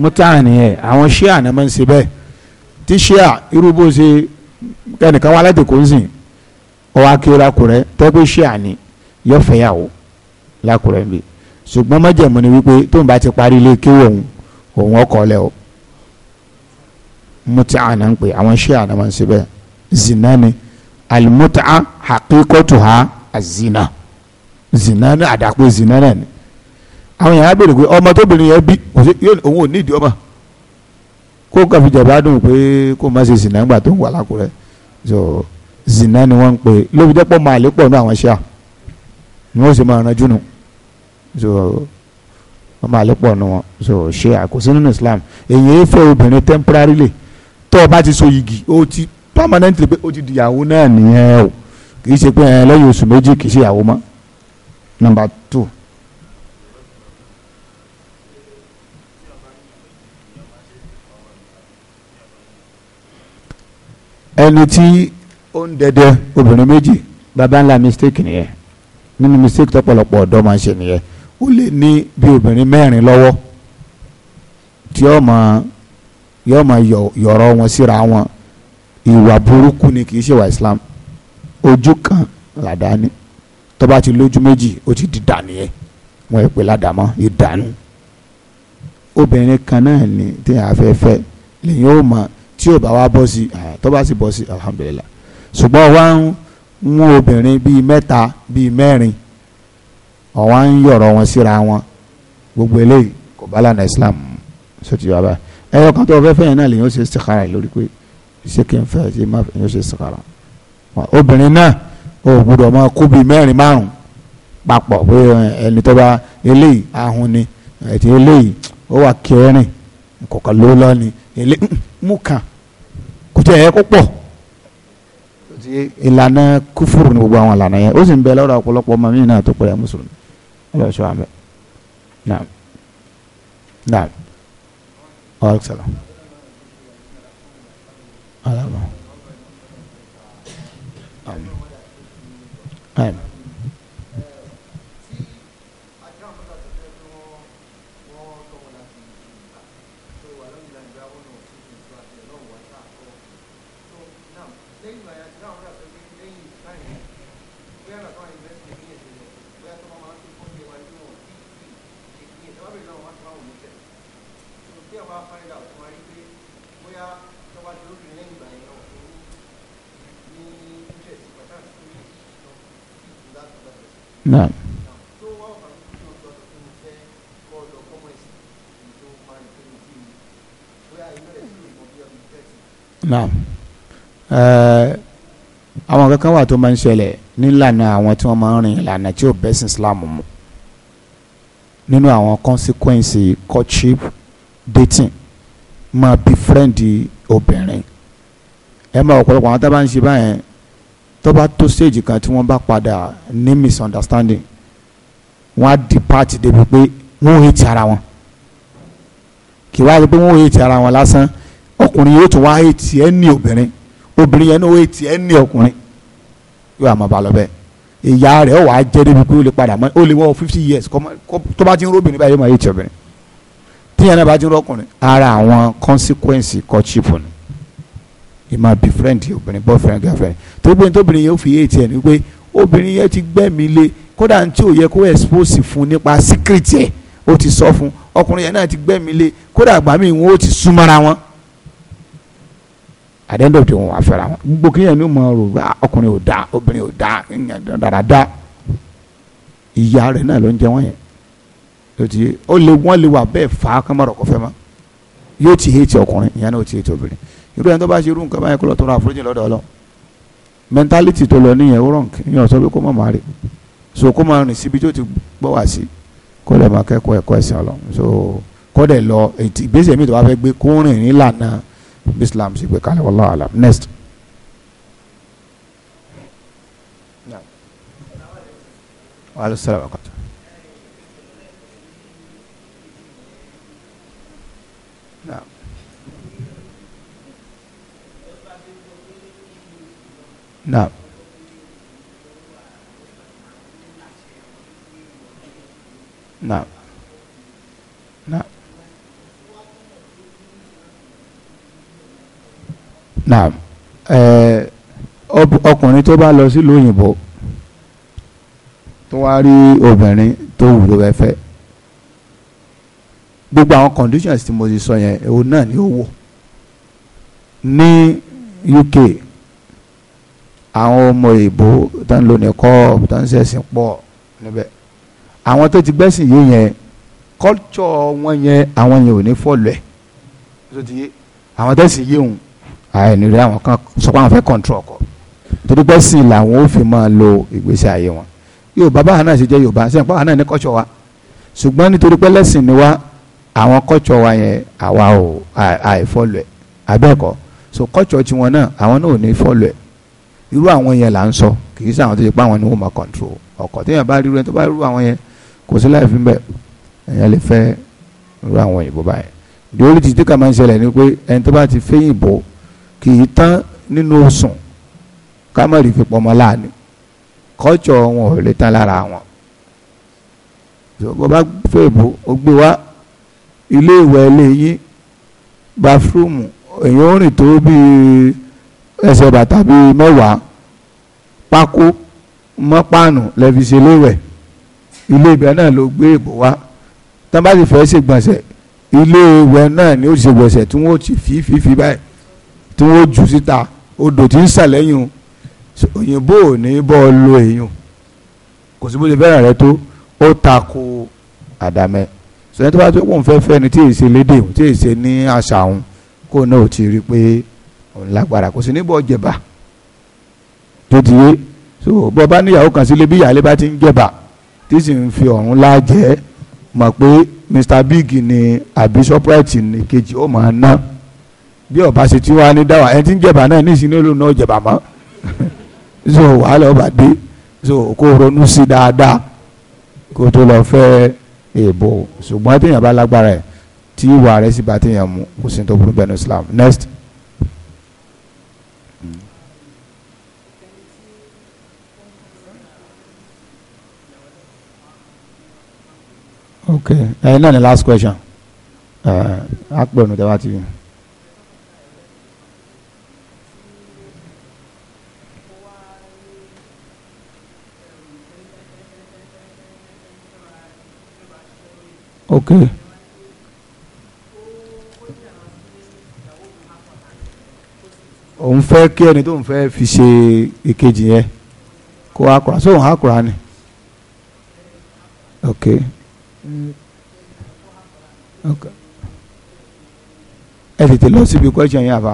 mútà nìyẹn àwọn ṣíà ni wọ́n ń ṣe bẹ́ẹ̀ tí ṣíà irú bó ṣe ẹnìkan wà láti kó ń sìn ọwọ́ akéwìrà kò rẹ tẹ́gbẹ́ ṣíà ni yọ fẹ́yàwó lákùrẹ́ bí ṣùgbọ́n májẹ̀mú ni wípé tóun bá ti parí ilé kéwò òun òun ọkọ̀ lẹ̀ o mutaa na ń pè àwọn ṣé àná máa ṣe bẹ́ẹ̀ zina ni alimutaa hakikotuha azina zina ni àdàpọ̀ zina náà ni àwọn yàrá béèrè pé ọmọ tóbìnrin yẹn bí òun ò ní ìdí ọmọ kó kàfi jàmbá dùn pé kó má ṣe zina ńgbà tó ń wà lákùrẹ́ zina ni wọ́n ń pè lóbi jẹ́ pọ́ máa lé pọ̀ ní àwọn ṣé à ni wọ́n sì máa ranjú nù so wọ́n máa lọ́pọ̀ nù wọn so ṣe àkóso nínú Islam èyí fẹ́ obìnrin temporarily tó o bá ti so yìgì o ti permanently pé o ti di ìyàwó náà nìyẹn o kì í ṣe pé ẹ lẹ́yìn oṣù méjì kì í ṣe ìyàwó mọ́ number two. ẹni tí ó ń dẹdẹ obìnrin méjì baba ńlá mistake nìyẹn nínú mistake tọ́pọ̀lọpọ̀ ọ̀dọ́ máa ń ṣe nìyẹn ó lè ní bí obìnrin mẹ́rin lọ́wọ́ tí yóò máa yóò máa yọ̀rọ̀ wọn síra wọn ìwà burúkú ni kì í ṣèwà Islam ojú kan làdáni tó bá ti lójú méjì ó ti di dànìyẹn wọn ẹ pè ládàmọ́ ìdànù obìnrin kan náà ni tí a fẹ́ fẹ́ lèyìn ó mọ tí ò bá wá bọ́ sí tó sì bọ́ sí alhamdulillah ṣùgbọ́n wá mú obìnrin bíi mẹ́ta bíi mẹ́rin ọ̀wá ń yọ̀rọ̀ wọn síra wọn gbogbo eléyìí kò bá lànà Islam sọtì yọ abá ẹyọ kan tó fẹ́ fẹ́ yẹn náà lèyìn ó ṣe sàkàrà lórí pé ṣé kí n fẹ́ ṣe má fẹ́ yẹn ó ṣe sàkàrà obìnrin náà ò gbọdọ̀ máa kó bíi mẹ́rin márùn papọ̀ pé ẹni tó bá eléyìí ahun ni ẹ̀tì eléyìí ó wà kẹrin kọ̀ọ̀kan ló lọ́ ni eléyìí mm, mú kàn kò tẹ̀ ẹ́ kó pọ̀ ìlànà kúfùrù ní gbogbo àwọn ìlànà yẹn ó sì ń bẹ lọ́dọ̀ ọ̀pọ̀lọpọ̀ ọmọ mìíràn tó pẹ̀lú mùsùlùmí ọlọ́run ṣọ́ àmì naam naam ọ̀rọ̀ sọ̀rọ̀ ọ̀rọ̀ àmì àmì. find out wọn rí pé bóyá tó bá dúró kiri lẹ́yìn ìgbà yẹn náà fún ní interest pàtàkì tó yẹ lọ sí ìgbà tó bá bẹ̀rẹ̀. tó wá wà ní eh, àwọn kankan wà tó máa ń ṣẹlẹ̀ nílànà àwọn tí wọ́n máa ń rìn ìlànà tí ò bẹ́sìn Islam mu nínú àwọn consequence courtship dating máa bí fírẹ́ǹdì obìnrin ẹ máa ọ̀pọ̀lọpọ̀ àwọn tá a bá ń ṣe báyẹn tó bá tó stage kan tí wọ́n bá padà ní misunderstanding wọ́n á di party débi pé wọ́n ò hate ara wọn kì wá rí pé wọ́n ò hate ara wọn lásán ọkùnrin yóò tún wá hate ẹni obìnrin obìnrin yẹn náà ó hate ẹni ọkùnrin yóò àmọ́ bá lọ bẹ́ẹ̀ ìyá rẹ̀ ó wàá jẹ́ débi pé ó lè padà mọ́ ó lè wọ́n fifty years tó bá ti ń róbìnrin báyìí ó máa hate obìnrin tí yẹn náà bá ti rọkùnrin ara àwọn consequence courtship ni ìmọ̀ befriend obìnrin boyfriend girlfriend tó gbé tóbìnrin yẹn ó fi yé tiẹ̀ ni pé obìnrin yẹn ti gbẹ́mí lé kódà tí ò yẹ kó expose fún nípa secret yẹn ó ti sọ fún ọkùnrin yẹn náà ti gbẹ́mí lé kódà àgbà míì wọn ó ti súnmọ́ra wọn at the end of the day wọn wà fẹ́ra wọn gbogbo kí yẹn ní mọ ọ̀rọ̀ ọkùnrin ò dáa obìnrin ò dáa dáadáa ìyá rẹ̀ náà ló ń jẹ wọ́n yẹn yóò ti ó lè wọ́n lè wà bẹ́ẹ̀ fà á kán mọ̀rọ̀ kọfẹ́ mọ́ yóò ti hẹ́ẹ̀tì ọkùnrin ìyẹn náà ó ti hẹ́ẹ̀tì obìnrin irú ẹni tó bá ṣe irú nǹkan báyẹn kó lọ tọrọ àforíjì lọ́dọ̀ Ọlọ́run mẹntálítì tó lọ níyẹn ó rọ̀ níyẹn sọ pé kó má má rè so kó má rìn síbi tó ti gbọ́ wá sí kó lè máa kẹ́kọ̀ọ́ ẹ̀kọ́ ẹ̀sìn Ọlọ́run so kó dẹ̀ lọ ìgbésẹ̀ mi tó bá fẹ́ gbé kó rìn nílànà Islam ṣe gbé kalẹ̀ wallahu alam next. wàhálà sọ̀rọ̀ àkàtà. نعم نعم نعم نعم نعم ọkùnrin tó bá lọ sílùú òyìnbó tó wá rí obìnrin tó wù ló fẹ́ fẹ́ gbogbo àwọn conditions tí mo ti sọ yẹn òun náà ni ó wò ní UK àwọn ọmọ ìbò tó ń lò ní kọ́ọ̀bù tó ń ṣẹ̀sìn pọ̀ níbẹ̀ àwọn tó ti gbẹ́sìn yìí yẹn culture wọn yẹn àwọn yẹn ò ní fọ́ọ̀lù ẹ̀ àwọn tẹ̀sìn yìí òun àìní rí àwọn kan sọ pé àwọn fẹ́ control ọkọ̀ torí gbẹ́sìn làwọn ò fi máa lo ìgbésí ayé wọn Yorùbá báwa náà ṣe jẹ́ Yorùbá ṣe ń pa àwọn náà ní culture wa ṣùgbọ́n nítorí pé lẹ́sìn ni wá àwọn kọ́tsọ̀ wa yẹn àwa ò àìfọ́lù ẹ̀ abẹ́ẹ̀kọ́ so kọ́tsọ̀ tiwọn náà àwọn náà ò ní fọ́lù ẹ̀ irú àwọn yẹn là ń sọ kì í sàwọn tó ṣe pé àwọn ni wọ́n máa control ọkọ̀ téèyàn bá rírú ẹni tó bá rírú àwọn yẹn kò sí láì fi ń bẹ̀ èèyàn lè fẹ́ irú àwọn òyìnbó báyẹn ìdíwọ́lì ti tí ká máa ń ṣẹlẹ̀ ni pé ẹni tó bá ti fẹ́ yìnbó kì í tán nínú sùn ká má rí ọmọ láàánú kọ́tsọ̀ wọn ò lè tán lára wọn bó bá fẹ́ ìbò ó gbé wá ilé ìwẹ̀ ilé yín báfúrúmù èyàn ó rìn tó bíi ẹsẹ̀ bàtà bíi mẹ́wàá pákó mọ́ páànù lẹ́fi ṣe ilé ìwẹ̀ ilé ìbẹ̀ náà ló gbé ìbò wá tán bá sì fẹ́ ṣègbọ̀nsẹ̀ ilé ìwẹ̀ náà ni ó ṣe gbọ̀nsẹ̀ tí wọ́n ti fi fi fi báyìí tí wọ́n jù síta odò tí ń sàlẹ́yìn òyìnbó ò ní bọ́ lo èèyàn kò sí bó ṣe fẹ́ràn rẹ tó ó ta ko àdámẹ́ sọ yẹn tó bá tó kóun fẹ́ fẹ́ ni tí èsè lédè òun tí èsè ní àṣà òun kó náà ò ti rí i pé òun lágbára kò sí níbọ̀ jẹ̀bà tó ti yé so bọ́ bá níyàwó kan sílé bí ìyáálé bá ti ń jẹ̀bà tí sì ń fi ọ̀run láàjẹ́ mọ̀ pé Mr Big ni àbí surprise ni kejì ó máa ná bí ọba ṣe ti wá ní dáwà ẹni tí ń jẹ̀bà náà ní ìsinmi olóòórùn náà jẹ̀bà mọ́ so wàhálà ọba dé so kó ronú sí dáadáa kó tó lọ fẹ́ẹ́ èèbò ṣùgbọ́n téèyàn bá lágbára ẹ̀ tí ìwà rẹ̀ sì bá téèyàn mu kò sí tó burú bẹ́ẹ̀ ní Islam next. ok ẹyin náà ni last question ẹ á pè ọ̀nà tẹ́wá tv. ok. òun fẹ́ kí ẹni tó ń fẹ́ fi ṣe ìkejì yẹn kó akura sóun akura ni ok. ok. ẹ tètè lọ síbi question yẹn àbá.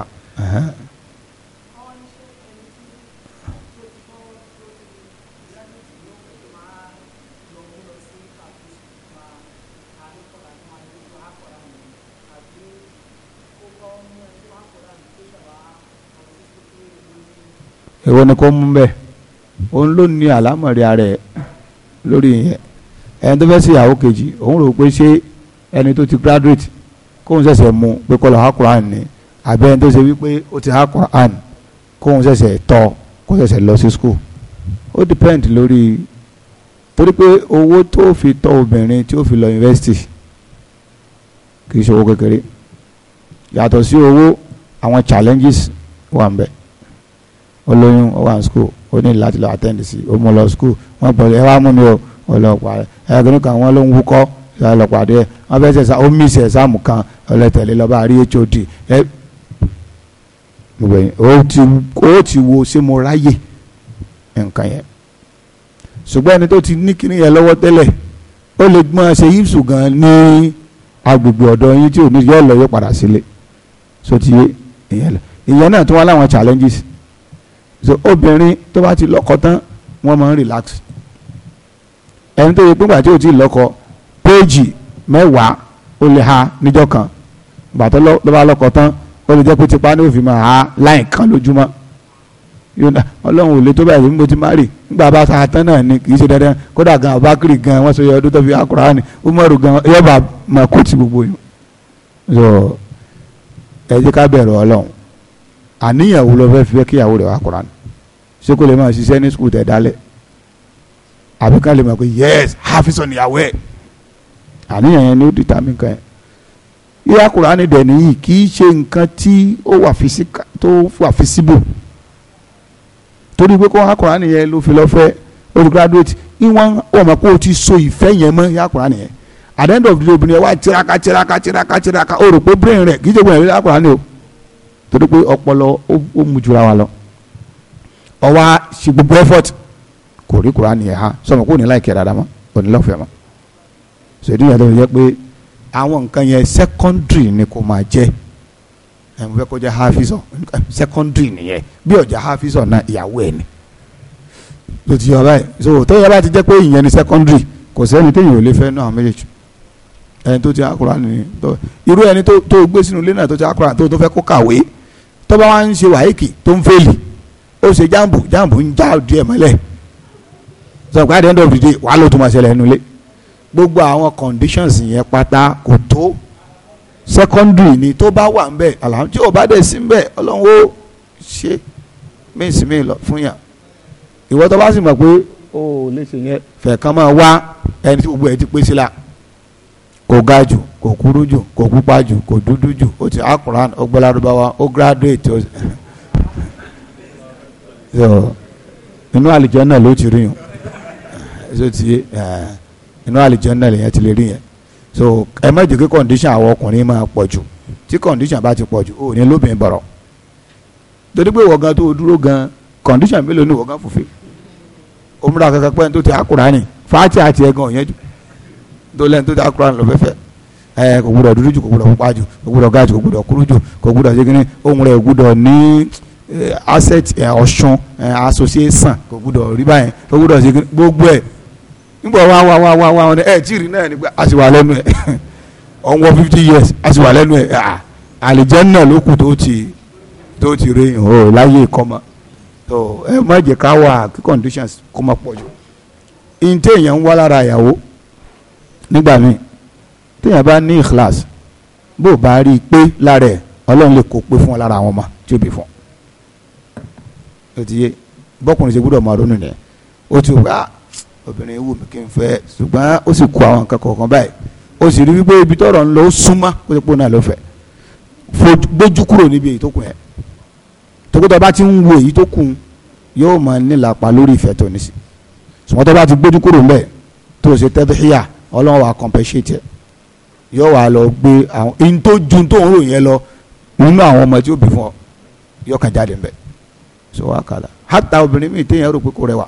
èwo ni kò mú bẹ́ẹ̀ òun ló ní àlámọ̀rí ara ẹ̀ lórí yẹn ẹni tó fẹ́ sí ìyàwó kejì òun rò pé ṣé ẹni tó ti graduate kóun ṣẹ̀ṣẹ̀ mú pé kó lọ ha Quran ni àbí ẹni tó ṣe wípé ó ti ha Quran kóun ṣẹ̀ṣẹ̀ tọ́ kó ṣẹ̀ṣẹ̀ lọ sí school ó depend lórí torí pé owó tó fi tọ́ obìnrin tí ó fi lọ university kì í ṣe owó kékeré yàtọ̀ sí owó àwọn challenges wà ń bẹ olóyún ó wà ní school ó ní láti lọ attend sí ó mú lọ school wọ́n pẹ̀lú ẹ wá mú mi o ọlọ́pàá rẹ ẹgbẹ́ni kan wọ́n ló ń wúkọ́ ọlọ́pàá rẹ wọ́n fẹ́ sẹ́sà ó mísì ẹ̀sàmù kan ọlọ́tẹ̀lẹ́ lọ́ba rí HOD ẹ ó ti wo ṣé mo ráyè nǹkan yẹn ṣùgbọ́n ẹni tó ti ní kíní yẹn lọ́wọ́ tẹ́lẹ̀ ó lè gbọ́n ṣe yíṣù gan ní agbègbè ọ̀dọ̀ yín tí ò ní yọ̀ lọ padà sílé so ti ìyẹn náà tó wá láwọn challenges so obìnrin tó bá ti lọ́kọ tán wọ́n máa ń relax ẹni tó yẹ pé gbàtí ò tí ì lọ́kọ péèjì mẹ́wàá ó lè ha níjọ́ kan gbàtọ́ ló bá lọ́kọ tán ó lè jẹ́ pé tipa ní òfin máa ha láì kan lójúmọ́ yóná ọlọ́run ò lè tó báyìí mo ti má rì nígbà bá ta tán náà ni kì í ṣe dandan kódà gan abakiri gan wọ́n sọ yọ ọdún tó fi umaru gan yọba mọ̀ kó ti gbogbo yìí so ẹ jẹ́ ká bẹ̀rù ọlọ́run àníyàn wo fẹ́ fi fẹ́ kíyàwó rẹ̀ wá Quran ṣé kò lè máa ṣiṣẹ́ ní skul tẹ̀ dálẹ̀ àbí ká lè yes hafiz oníyàwó ẹ̀ àníyàn yẹn ni ó determine kan yẹn yíyá dẹ̀ nìyí kì í ṣe nǹkan tí ó wà fisika tó wà fisibò torí pé kó wá yẹn ló fi lọ fẹ́ olùgraduate ìwọ̀n ọmọ kó o ti so ìfẹ́ yẹn mọ́ yíyá yẹn at the end of the day obìnrin yẹn wá tiraka tiraka tiraka tiraka o rò brain kì í ṣe yíyá torí pé ọpọlọ ó mu jura wa lọ ọwọ́ ṣe gbogbo effort kò rí Kùránì yẹn ha sọmọ kò ní láìkẹ́ dáadáa mọ́ ò ní lọ́fẹ̀ẹ́ mọ́ so ìdí ìyàtọ̀ yẹ pé àwọn nǹkan yẹn secondary ni kò máa jẹ́ ẹ̀ mo fẹ́ kó jẹ́ hafizọ secondary nìyẹn bí ọ̀jà hafizọ náà ìyàwó ẹ̀ ni tó ti yọ báyìí so tó yẹ bá ti jẹ́ pé ìyẹn ni secondary kò sẹ́ni téèyàn ò lè fẹ́ náà méjèèjì ẹni tó ti akura ni irú ẹni tó gbé sínú ilé náà tó ti akura tó tó fẹ́ kó kàwé tọ́ba wa ń ṣe wàhíkì tó ń fẹ́lì ó ṣe jáàmbù jáàmbù ń já díẹ̀ mọ́lẹ̀ sọ̀kọ́ at the end of wàá ló tún máa ṣẹlẹ̀ nulẹ̀ gbogbo àwọn conditions yẹn pátá kò tó secondary ni tó bá wà nbẹ alhamdu tí o bá dẹ̀ sí nbẹ ọlọ́run ó ṣe míìsì míì lọ fún yàn ìwọ tó bá sì mọ̀ pé o lè ṣe yẹn fẹ̀kan máa wá ẹni tí gbogbo ẹ ti pèsè la kò ga jù kò kúrú jù kò pupa jù kò dúdú jù ó ti akuran ó gbọ́ lárúbáwá ó graduate ó inú àlìjọ́nà ló ti rí yùn so ti eh, inú àlìjọ́nà lèyàn ti lè rí yẹn so ẹ má jẹ́ kí condition àwọn ọkùnrin máa pọ̀ jù tí condition bá ti pọ̀ jù ò ní lóbìn bọ̀rọ̀ torí pé ìwọ̀n tó dúró gan condition mélòó ni ìwọ̀n gan fòfin òmùra kankan pẹ́ẹ́n tó ti akuran ni fàátì àti ẹ̀gàn òyìn tó lẹ́nu tó ti akuran lọ́fẹ́fẹ́ ẹ kò gbúdọ̀ dúdú jù kò gbúdọ̀ pupa jù kò gbúdọ̀ ga jù kò gbúdọ̀ kúrú jù kò gbúdọ̀ jẹ́gínní ohun rẹ̀ gbúdọ̀ ní asset ọ̀ṣun association kò gbúdọ̀ rí báyẹn kò gbúdọ̀ jẹ́gínní gbogbo ẹ̀ nígbà wá wá wá wá wá ẹ tí ì rí náà nígbà a sì wà lẹ́nu ẹ̀ ọ̀nwọ́ fifty years a sì wà lẹ́nu ẹ̀ àlìjẹ́nà ló kù tó ti tó ti rí ìhò láyé ìkọ́mọ tó ẹ má jẹ́ ká wà kí conditions kó má pọ̀ jù ìyìn téèyàn ń wá nígbà míì téèyàn bá ní ìkíláàsì bó bá rí i pé lára ẹ̀ ọlọ́run lè kó pé fún ọ lára àwọn ọmọ tí ó bí fún ọ ti yé bọ́kùnrin ṣe gbúdọ̀ máa ronú nìyẹn ó ti wá ah, obìnrin wù mí kí n fẹ́ ṣùgbọ́n ó sì kó àwọn nǹkan kọ̀ọ̀kan báyìí ó sì rí wípé ibi tọ̀rọ̀ ń lọ ó súnmọ́ ó ti pọ̀ náà ló fẹ́ gbójú kúrò níbi èyí tó kù yẹn tòkútọ̀ bá ti ń wo èyí tó kù yóò máa nílapa lórí ìfẹ́ tó ní sí ṣùgbọ́n tó bá ti gbójú kúrò ńbẹ̀ tó ṣe tẹ́tíhíyà ọlọ́run wa compensate yóò wá lọ gbé àwọn in tó ju tó ń rò yẹn lọ nínú àwọn ọmọ tí ó bí fún ọ yóò kàn jáde ńbẹ so wá kàlà hátà obìnrin mi téèyàn rò pé kò rẹwà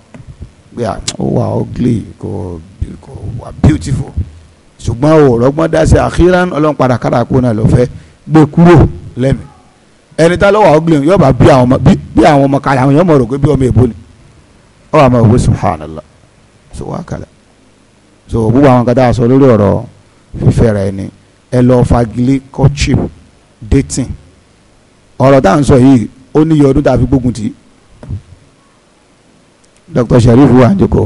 pé à ó wà ugly kò kò wà beautiful ṣùgbọ́n o rọgbọ́n dá sí àkíran ọlọ́run padà kára kó náà lọ fẹ́ gbé kúrò lẹ́mìí ẹni tá lọ́wọ́ ugly yóò bá bí àwọn ọmọ bí àwọn ọmọ kàlà àwọn yóò mọ̀ rò pé bí ọmọ èbó ni ọ àmọ́ ìwé subhanallah so wá kàlà so gbogbo àwọn kan tá sọ lórí ọ̀rọ̀ fífẹ́ra ẹni ẹ lọ fagilé courtship dating ọ̀rọ̀ tá à ń sọ yìí ó níye ọdún tá a fi gbógun tì í Dr. Sharif wà níjòkó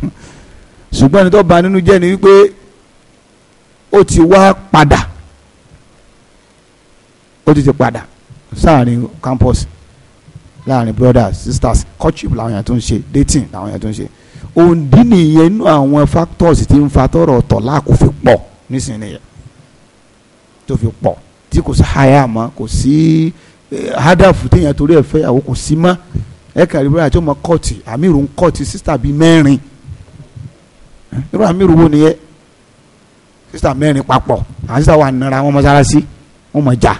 ṣùgbọ́n ẹni tó bà nínú jẹ́ ni wípé ó ti wá padà ó ti ti padà sáàrin campus láàrin brothers sisters courtship làwọn yẹn tó ń ṣe dating làwọn yẹn tó ń ṣe òǹdí nìyẹn inú àwọn factors tí ń fa tọrọ ọ̀tọ̀ láàkó fi pọ̀ nísìnyí nìyẹn tó fi pọ̀ tí kò sí háyà mọ́ kò sí hádàfù téèyàn torí ẹ̀ fẹ́ yàwó kò sí mọ́ ẹ kàn brother tí ó mọ kọ́ọ̀tì àmírù ń kọ́ọ̀tì sister bíi mẹ́rin irú àmírù wo nìyẹn sister mẹ́rin papọ̀ àwọn sister wà nira wọn mọ́ sára sí wọn mọ̀ jà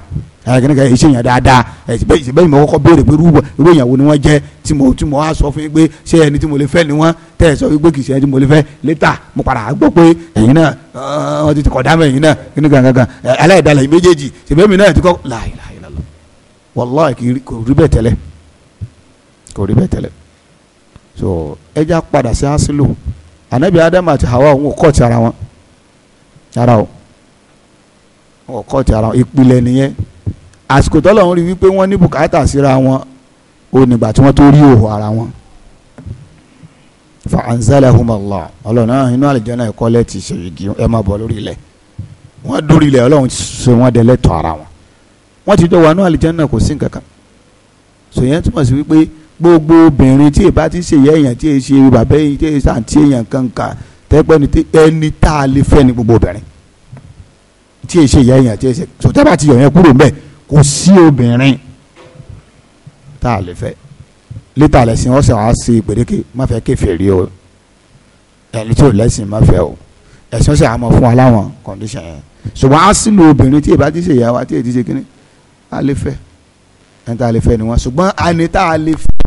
ẹ̀ẹ́dẹ́gbẹ̀rún kan iṣẹ́ yẹn dáadáa ẹ̀ẹ́dẹ́gbẹ̀rún bẹ́ẹ̀ mo kọ́kọ́ béèrè pé irú ìyàwó ni wọ́n jẹ́ tí mo tí mo á sọ fún yín pé ṣé ẹni tí mo lè fẹ́ ni wọ́n tẹ̀ sọ wípé kì í ṣe ẹni tí mo lè fẹ́ létà mo padà gbọ́ pé ẹ̀yin náà wọ́n ti kọ̀ dámọ̀ ẹ̀yin náà kíni gangan aláìdálẹ̀ yìí méjèèjì ṣèbẹ́ mi náà ti kọ́ láì so ẹ já padà sí asilu anabi adam àti hawa òun kọ́ ti ara wọn ara o àsìkò tọ́lọ́run rí wípé wọ́n ní bùkátà síra wọn ò nígbà tí wọ́n tó rí òhò ara wọn. fa anzalahum Allah ọlọ́run náà inú àlùjànnà ẹ̀kọ́ lẹ́tì ṣe igi ẹ máa bọ̀ lórí ilẹ̀ wọ́n dórí ilẹ̀ ọlọ́run ṣe wọ́n dẹ lẹ́tọ̀ ara wọn. wọ́n ti jọ wà ní àlùjànnà kò sí nǹkan kan. sòyẹn túmọ̀ sí wípé gbogbo obìnrin tí ìbá ti ṣe yẹ́yàn tí èyí ṣe bàbá èyí tí èyí ṣe àǹtí èyàn kankan tẹ́pẹ́ ni ẹni tá a lè fẹ́ ni gbogbo obìnrin tí èyí ṣe yẹ́yàn tí èyí ṣe sòtẹ́ bá ti yọ̀ kúrò mbẹ́ẹ̀ kò sí obìnrin tá a lè fẹ́ lítà lẹ́sìn ọ̀sẹ̀ wá sí gbèdéke má fẹ́ kèfèrí o ẹni tí ò lẹ́sìn má fẹ́ o ẹ̀sìn ọ̀sẹ̀ àmọ́ fún wa láwọn condition yẹn ṣùgbọ́n á sínú obìnrin tí ìbá ti ṣe ìyàwó àti èdè ṣe kínní a lè fẹ́ ẹni tá a lè fẹ́ ni wọ́n ṣùgbọ́n àní tá a lè fẹ́